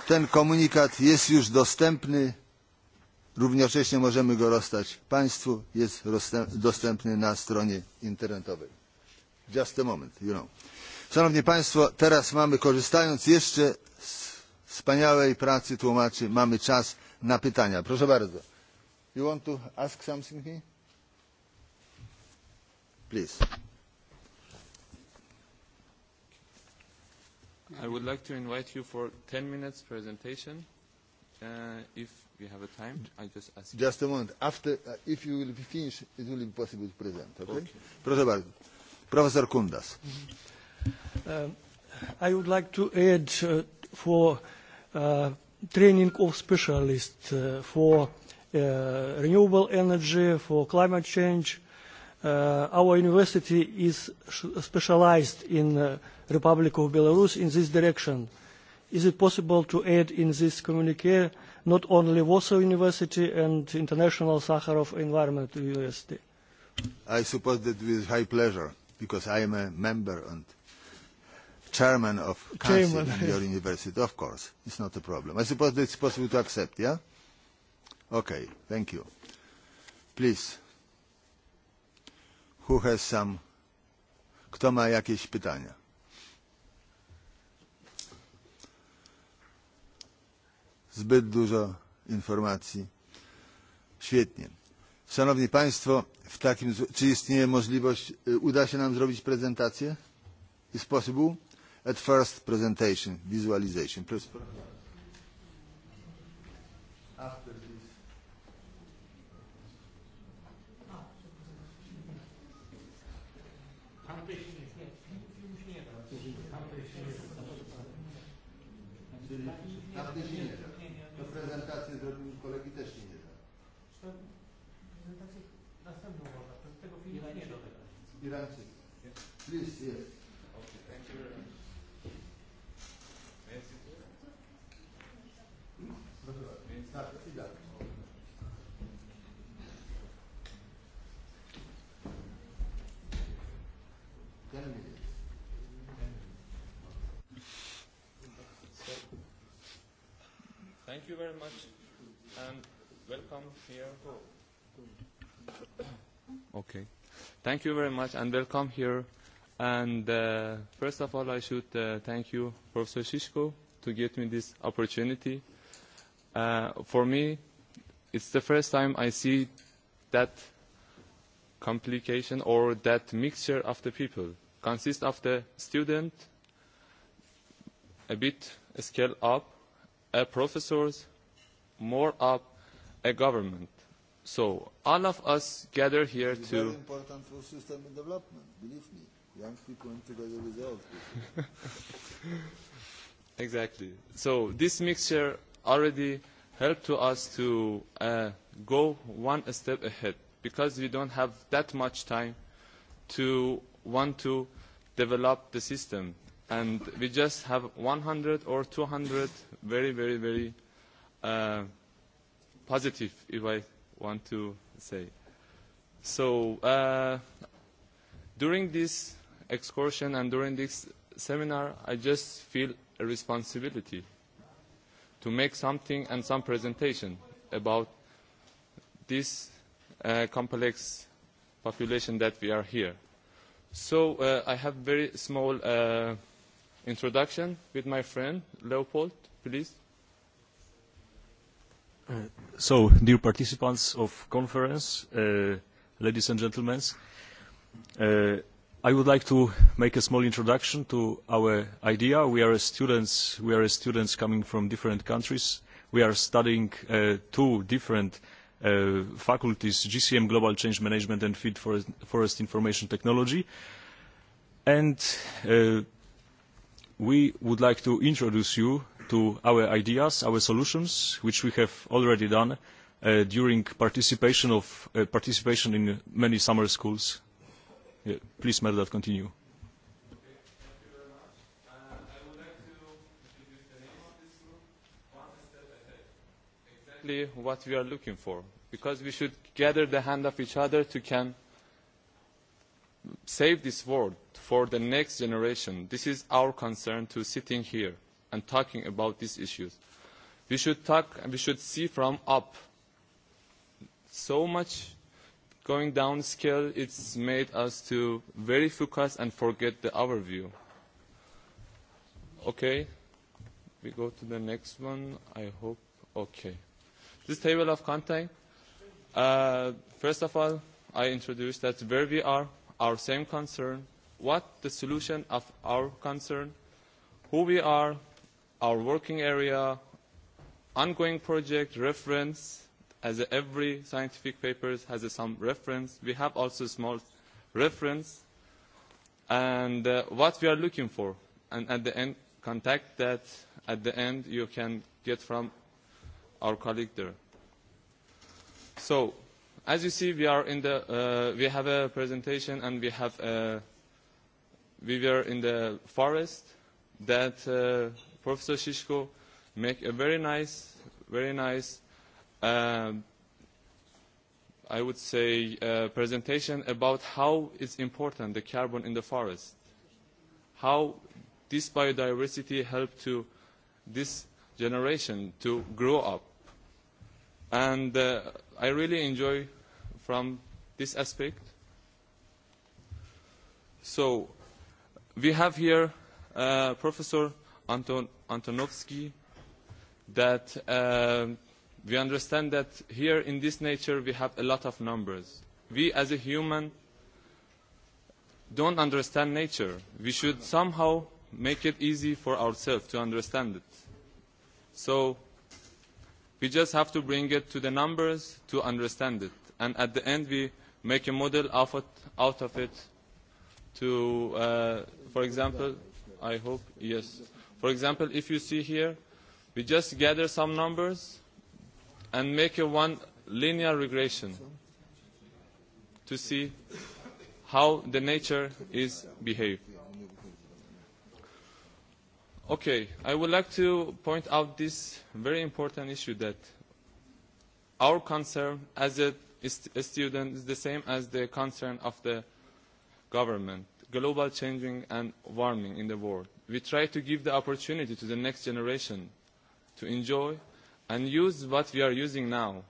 ten komunikat jest już dostępny, równocześnie możemy go rozstać Państwu, jest dostępny na stronie internetowej. Just a moment, you know. Szanowni Państwo, teraz mamy, korzystając jeszcze z wspaniałej pracy tłumaczy, mamy czas na pytania. Proszę bardzo. You want to ask something here? Please. I would like to invite you for 10 minutes presentation. If we have a time, I just ask. Just a moment. After, if you will finish, it will be possible to present. Okay? Proszę bardzo. Professor Kundas. I would like to add for training of specialists for renewable energy, for climate change. Our university is specialized in the Republic of Belarus in this direction. Is it possible to add in this communique not only Warsaw University and International Sakharov Environment University? I suppose that with high pleasure, because I am a member and chairman of council in your university. Of course, it's not a problem. I suppose it's possible to accept, yeah? Okay, thank you. Please. Who has some... Kto ma jakieś pytania? Zbyt dużo informacji. Świetnie. Szanowni Państwo, w takim, czy istnieje możliwość, uda się nam zrobić prezentację? Is possible? at first presentation, visualization. Please. After this. Nigdy się nie da. Do prezentacji zrobili kolegi też się nie da. Prezentację następną można. Tego filmu nie da. very much and welcome here. Okay. Thank you very much and welcome here. And first of all, I should thank you, Professor Shishko, to give me this opportunity. For me, it's the first time I see that complication or that mixture of the people consists of the student a bit scaled up a professors, more up a government. So all of us gather here to... very important for system development, believe me. Young people together together with old people. Exactly. So this mixture already helped to us to go one step ahead because we don't have that much time to want to develop the system and we just have 100 or 200 very, very, very uh, positive, if I want to say. So uh, during this excursion and during this seminar, I just feel a responsibility to make something and some presentation about this uh, complex population that we are here. So uh, I have very small uh, introduction with my friend Leopold, please. So, dear participants of conference, ladies and gentlemen, I would like to make a small introduction to our idea. We are students. We are students coming from different countries. We are studying two different faculties: GCM Global Change Management and for Forest Information Technology, and we would like to introduce you to our ideas, our solutions, which we have already done during participation of participation in many summer schools. Please, that continue. Exactly what we are looking for, because we should gather the hand of each other to can save this world for the next generation. This is our concern to sitting here and talking about these issues. We should talk and we should see from up. So much going down scale, it's made us to very focus and forget the overview. Okay, we go to the next one. I hope, okay. This table of content, first of all, I introduce that where we are, our same concern, what the solution of our concern, who we are, our working area, ongoing project, reference, as every scientific paper has some reference. We have also small reference. And what we are looking for. And at the end, contact that at the end you can get from our colleague there. So As you see, we are in the we have a presentation and we have we were in the forest that Professor Shishko make a very nice, very nice, I would say, presentation about how it's important the carbon in the forest, how this biodiversity helped to this generation to grow up and I really enjoy from this aspect. So we have here Professor Anton Antonovsky that we understand that here in this nature we have a lot of numbers. We as a human don't understand nature. We should somehow make it easy for ourselves to understand it. So We just have to bring it to the numbers to understand it. And at the end, we make a model out of it to, for example, I hope, yes. For example, if you see here, we just gather some numbers and make a one linear regression to see how the nature is behaved. Okay, I would like to point out this very important issue that our concern as a student is the same as the concern of the government, global changing and warming in the world. We try to give the opportunity to the next generation to enjoy and use what we are using now.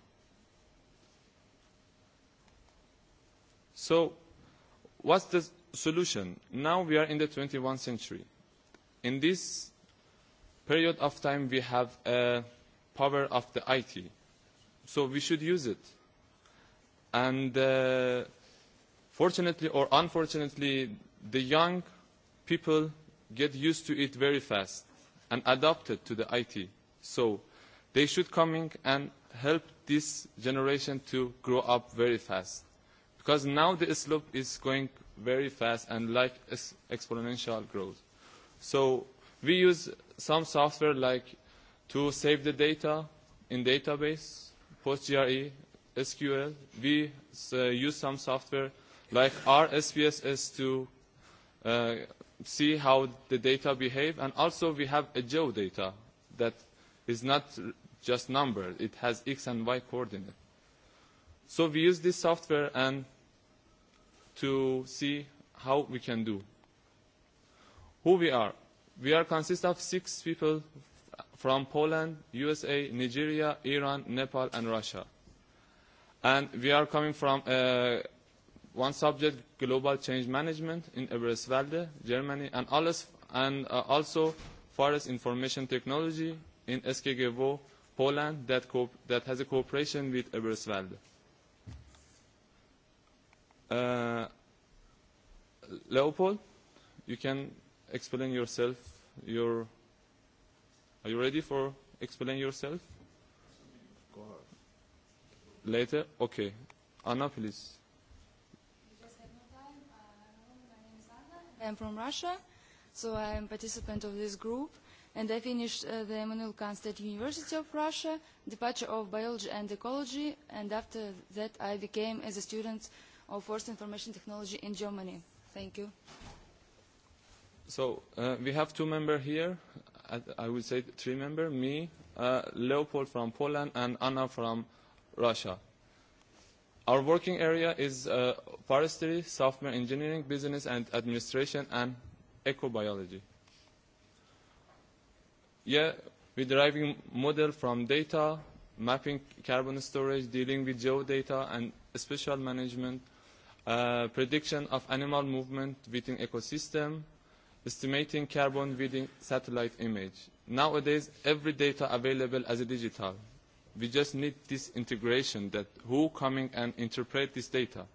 So what's the solution? Now we are in the 21st century In this period of time, we have a power of the IT. So we should use it. And fortunately or unfortunately, the young people get used to it very fast and adapt to the IT. So they should come and help this generation to grow up very fast. Because now the slope is going very fast and like exponential growth. So we use some software like to save the data in database, PostGRE, SQL. We use some software like R SPSS to see how the data behave. And also we have a geodata that is not just number. It has X and Y coordinate. So we use this software and to see how we can do who we are. We are consist of six people from Poland, USA, Nigeria, Iran, Nepal, and Russia. And we are coming from one subject, global change management, in Eberswalde, Germany, and also forest information technology in SKGVO, Poland, that has a cooperation with Eberswalde. Leopold, you can explain yourself are you ready for explain yourself later okay anna please i'm from russia so i am participant of this group and i finished the Emanuel Kant State University of Russia, departure of biology and ecology, and after that I became as a student of forced information technology in Germany. Thank you. So we have two members here. I would say three members. Me, Leopold from Poland, and Anna from Russia. Our working area is forestry, software engineering, business and administration, and ecobiology. Yeah, we're deriving model from data, mapping carbon storage, dealing with geodata and special management, prediction of animal movement within ecosystem, estimating carbon within satellite image. Nowadays, every data available as a digital. We just need this integration that who coming and interpret this data.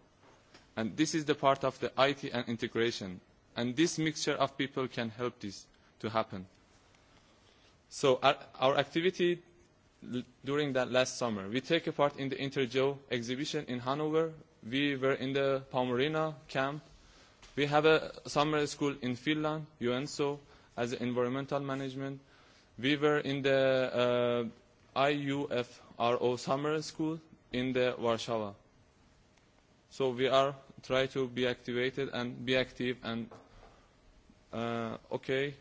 And this is the part of the IT and integration. And this mixture of people can help this to happen. So our activity during that last summer, we take a part in the Intergeo exhibition in Hanover. We were in the Palmarina camp We have a summer school in Finland, UNSO, as environmental management. We were in the IUFRO summer school in the Warsaw. So we are trying to be activated and be active and okay.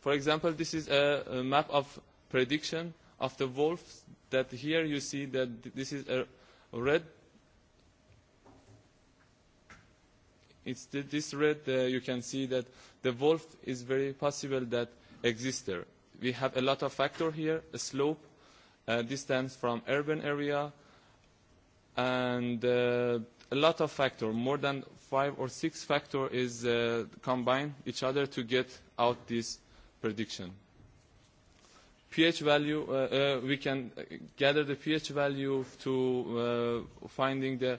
For example, this is a map of prediction of the wolves that here you see that this is a red It's this red you can see that the wolf is very possible that exists there. We have a lot of factor here, a slope, distance from urban area, and a lot of factor, more than five or six factor is combined each other to get out this prediction. pH value, we can gather the pH value to finding the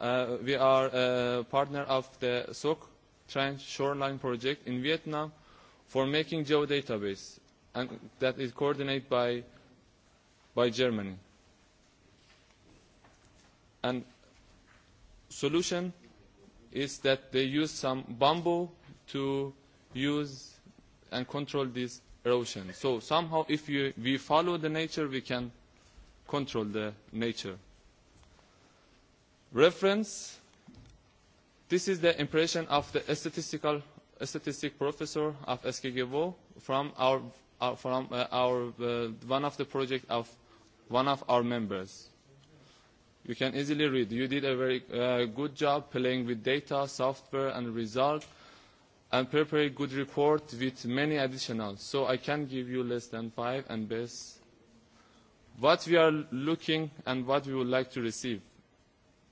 We are a partner of the Soc Trench Shoreline Project in Vietnam for making geodatabase and that is coordinated by by Germany. And solution is that they use some bamboo to use and control this erosion. So somehow if we follow the nature we can control the nature. Reference. This is the impression of the statistical statistic professor of SKGVO from our from our one of the project of one of our members. You can easily read. You did a very good job playing with data, software, and result, and prepared good report with many additional. So I can give you less than five and best. What we are looking and what we would like to receive.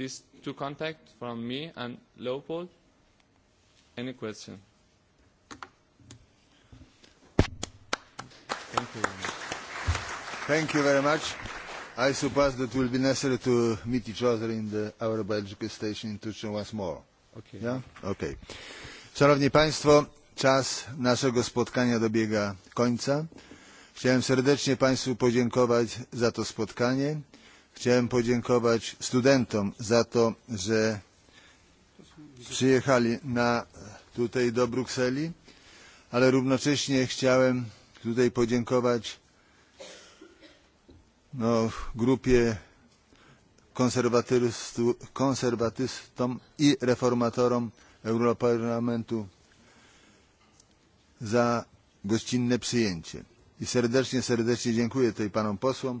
these two contacts from me and Leopold. Any question? Thank you. Thank you very much. I suppose that will be necessary to meet each other in the our station in Tuchin once more. Okay. Yeah? Okay. Szanowni Państwo, czas naszego spotkania dobiega końca. Chciałem serdecznie Państwu podziękować za to spotkanie Chciałem podziękować studentom za to, że przyjechali tutaj do Brukseli, ale równocześnie chciałem tutaj podziękować grupie konserwatystom i reformatorom Europarlamentu za gościnne przyjęcie. I serdecznie, serdecznie dziękuję tej panom posłom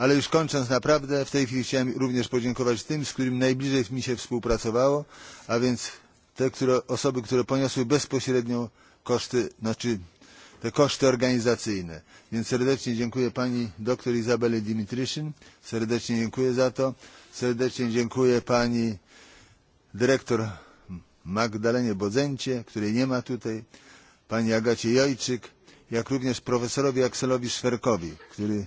ale już kończąc naprawdę w tej chwili chciałem również podziękować tym z którym najbliżej mi się współpracowało a więc te osoby które poniosły bezpośrednio koszty znaczy te koszty organizacyjne. Więc serdecznie dziękuję pani dr Izabeli Dimitryszyn serdecznie dziękuję za to, serdecznie dziękuję pani dyrektor Magdalenie Bodzencie, której nie ma tutaj, pani Agacie Jojczyk, jak również profesorowi Akselowi Szwerkowi, który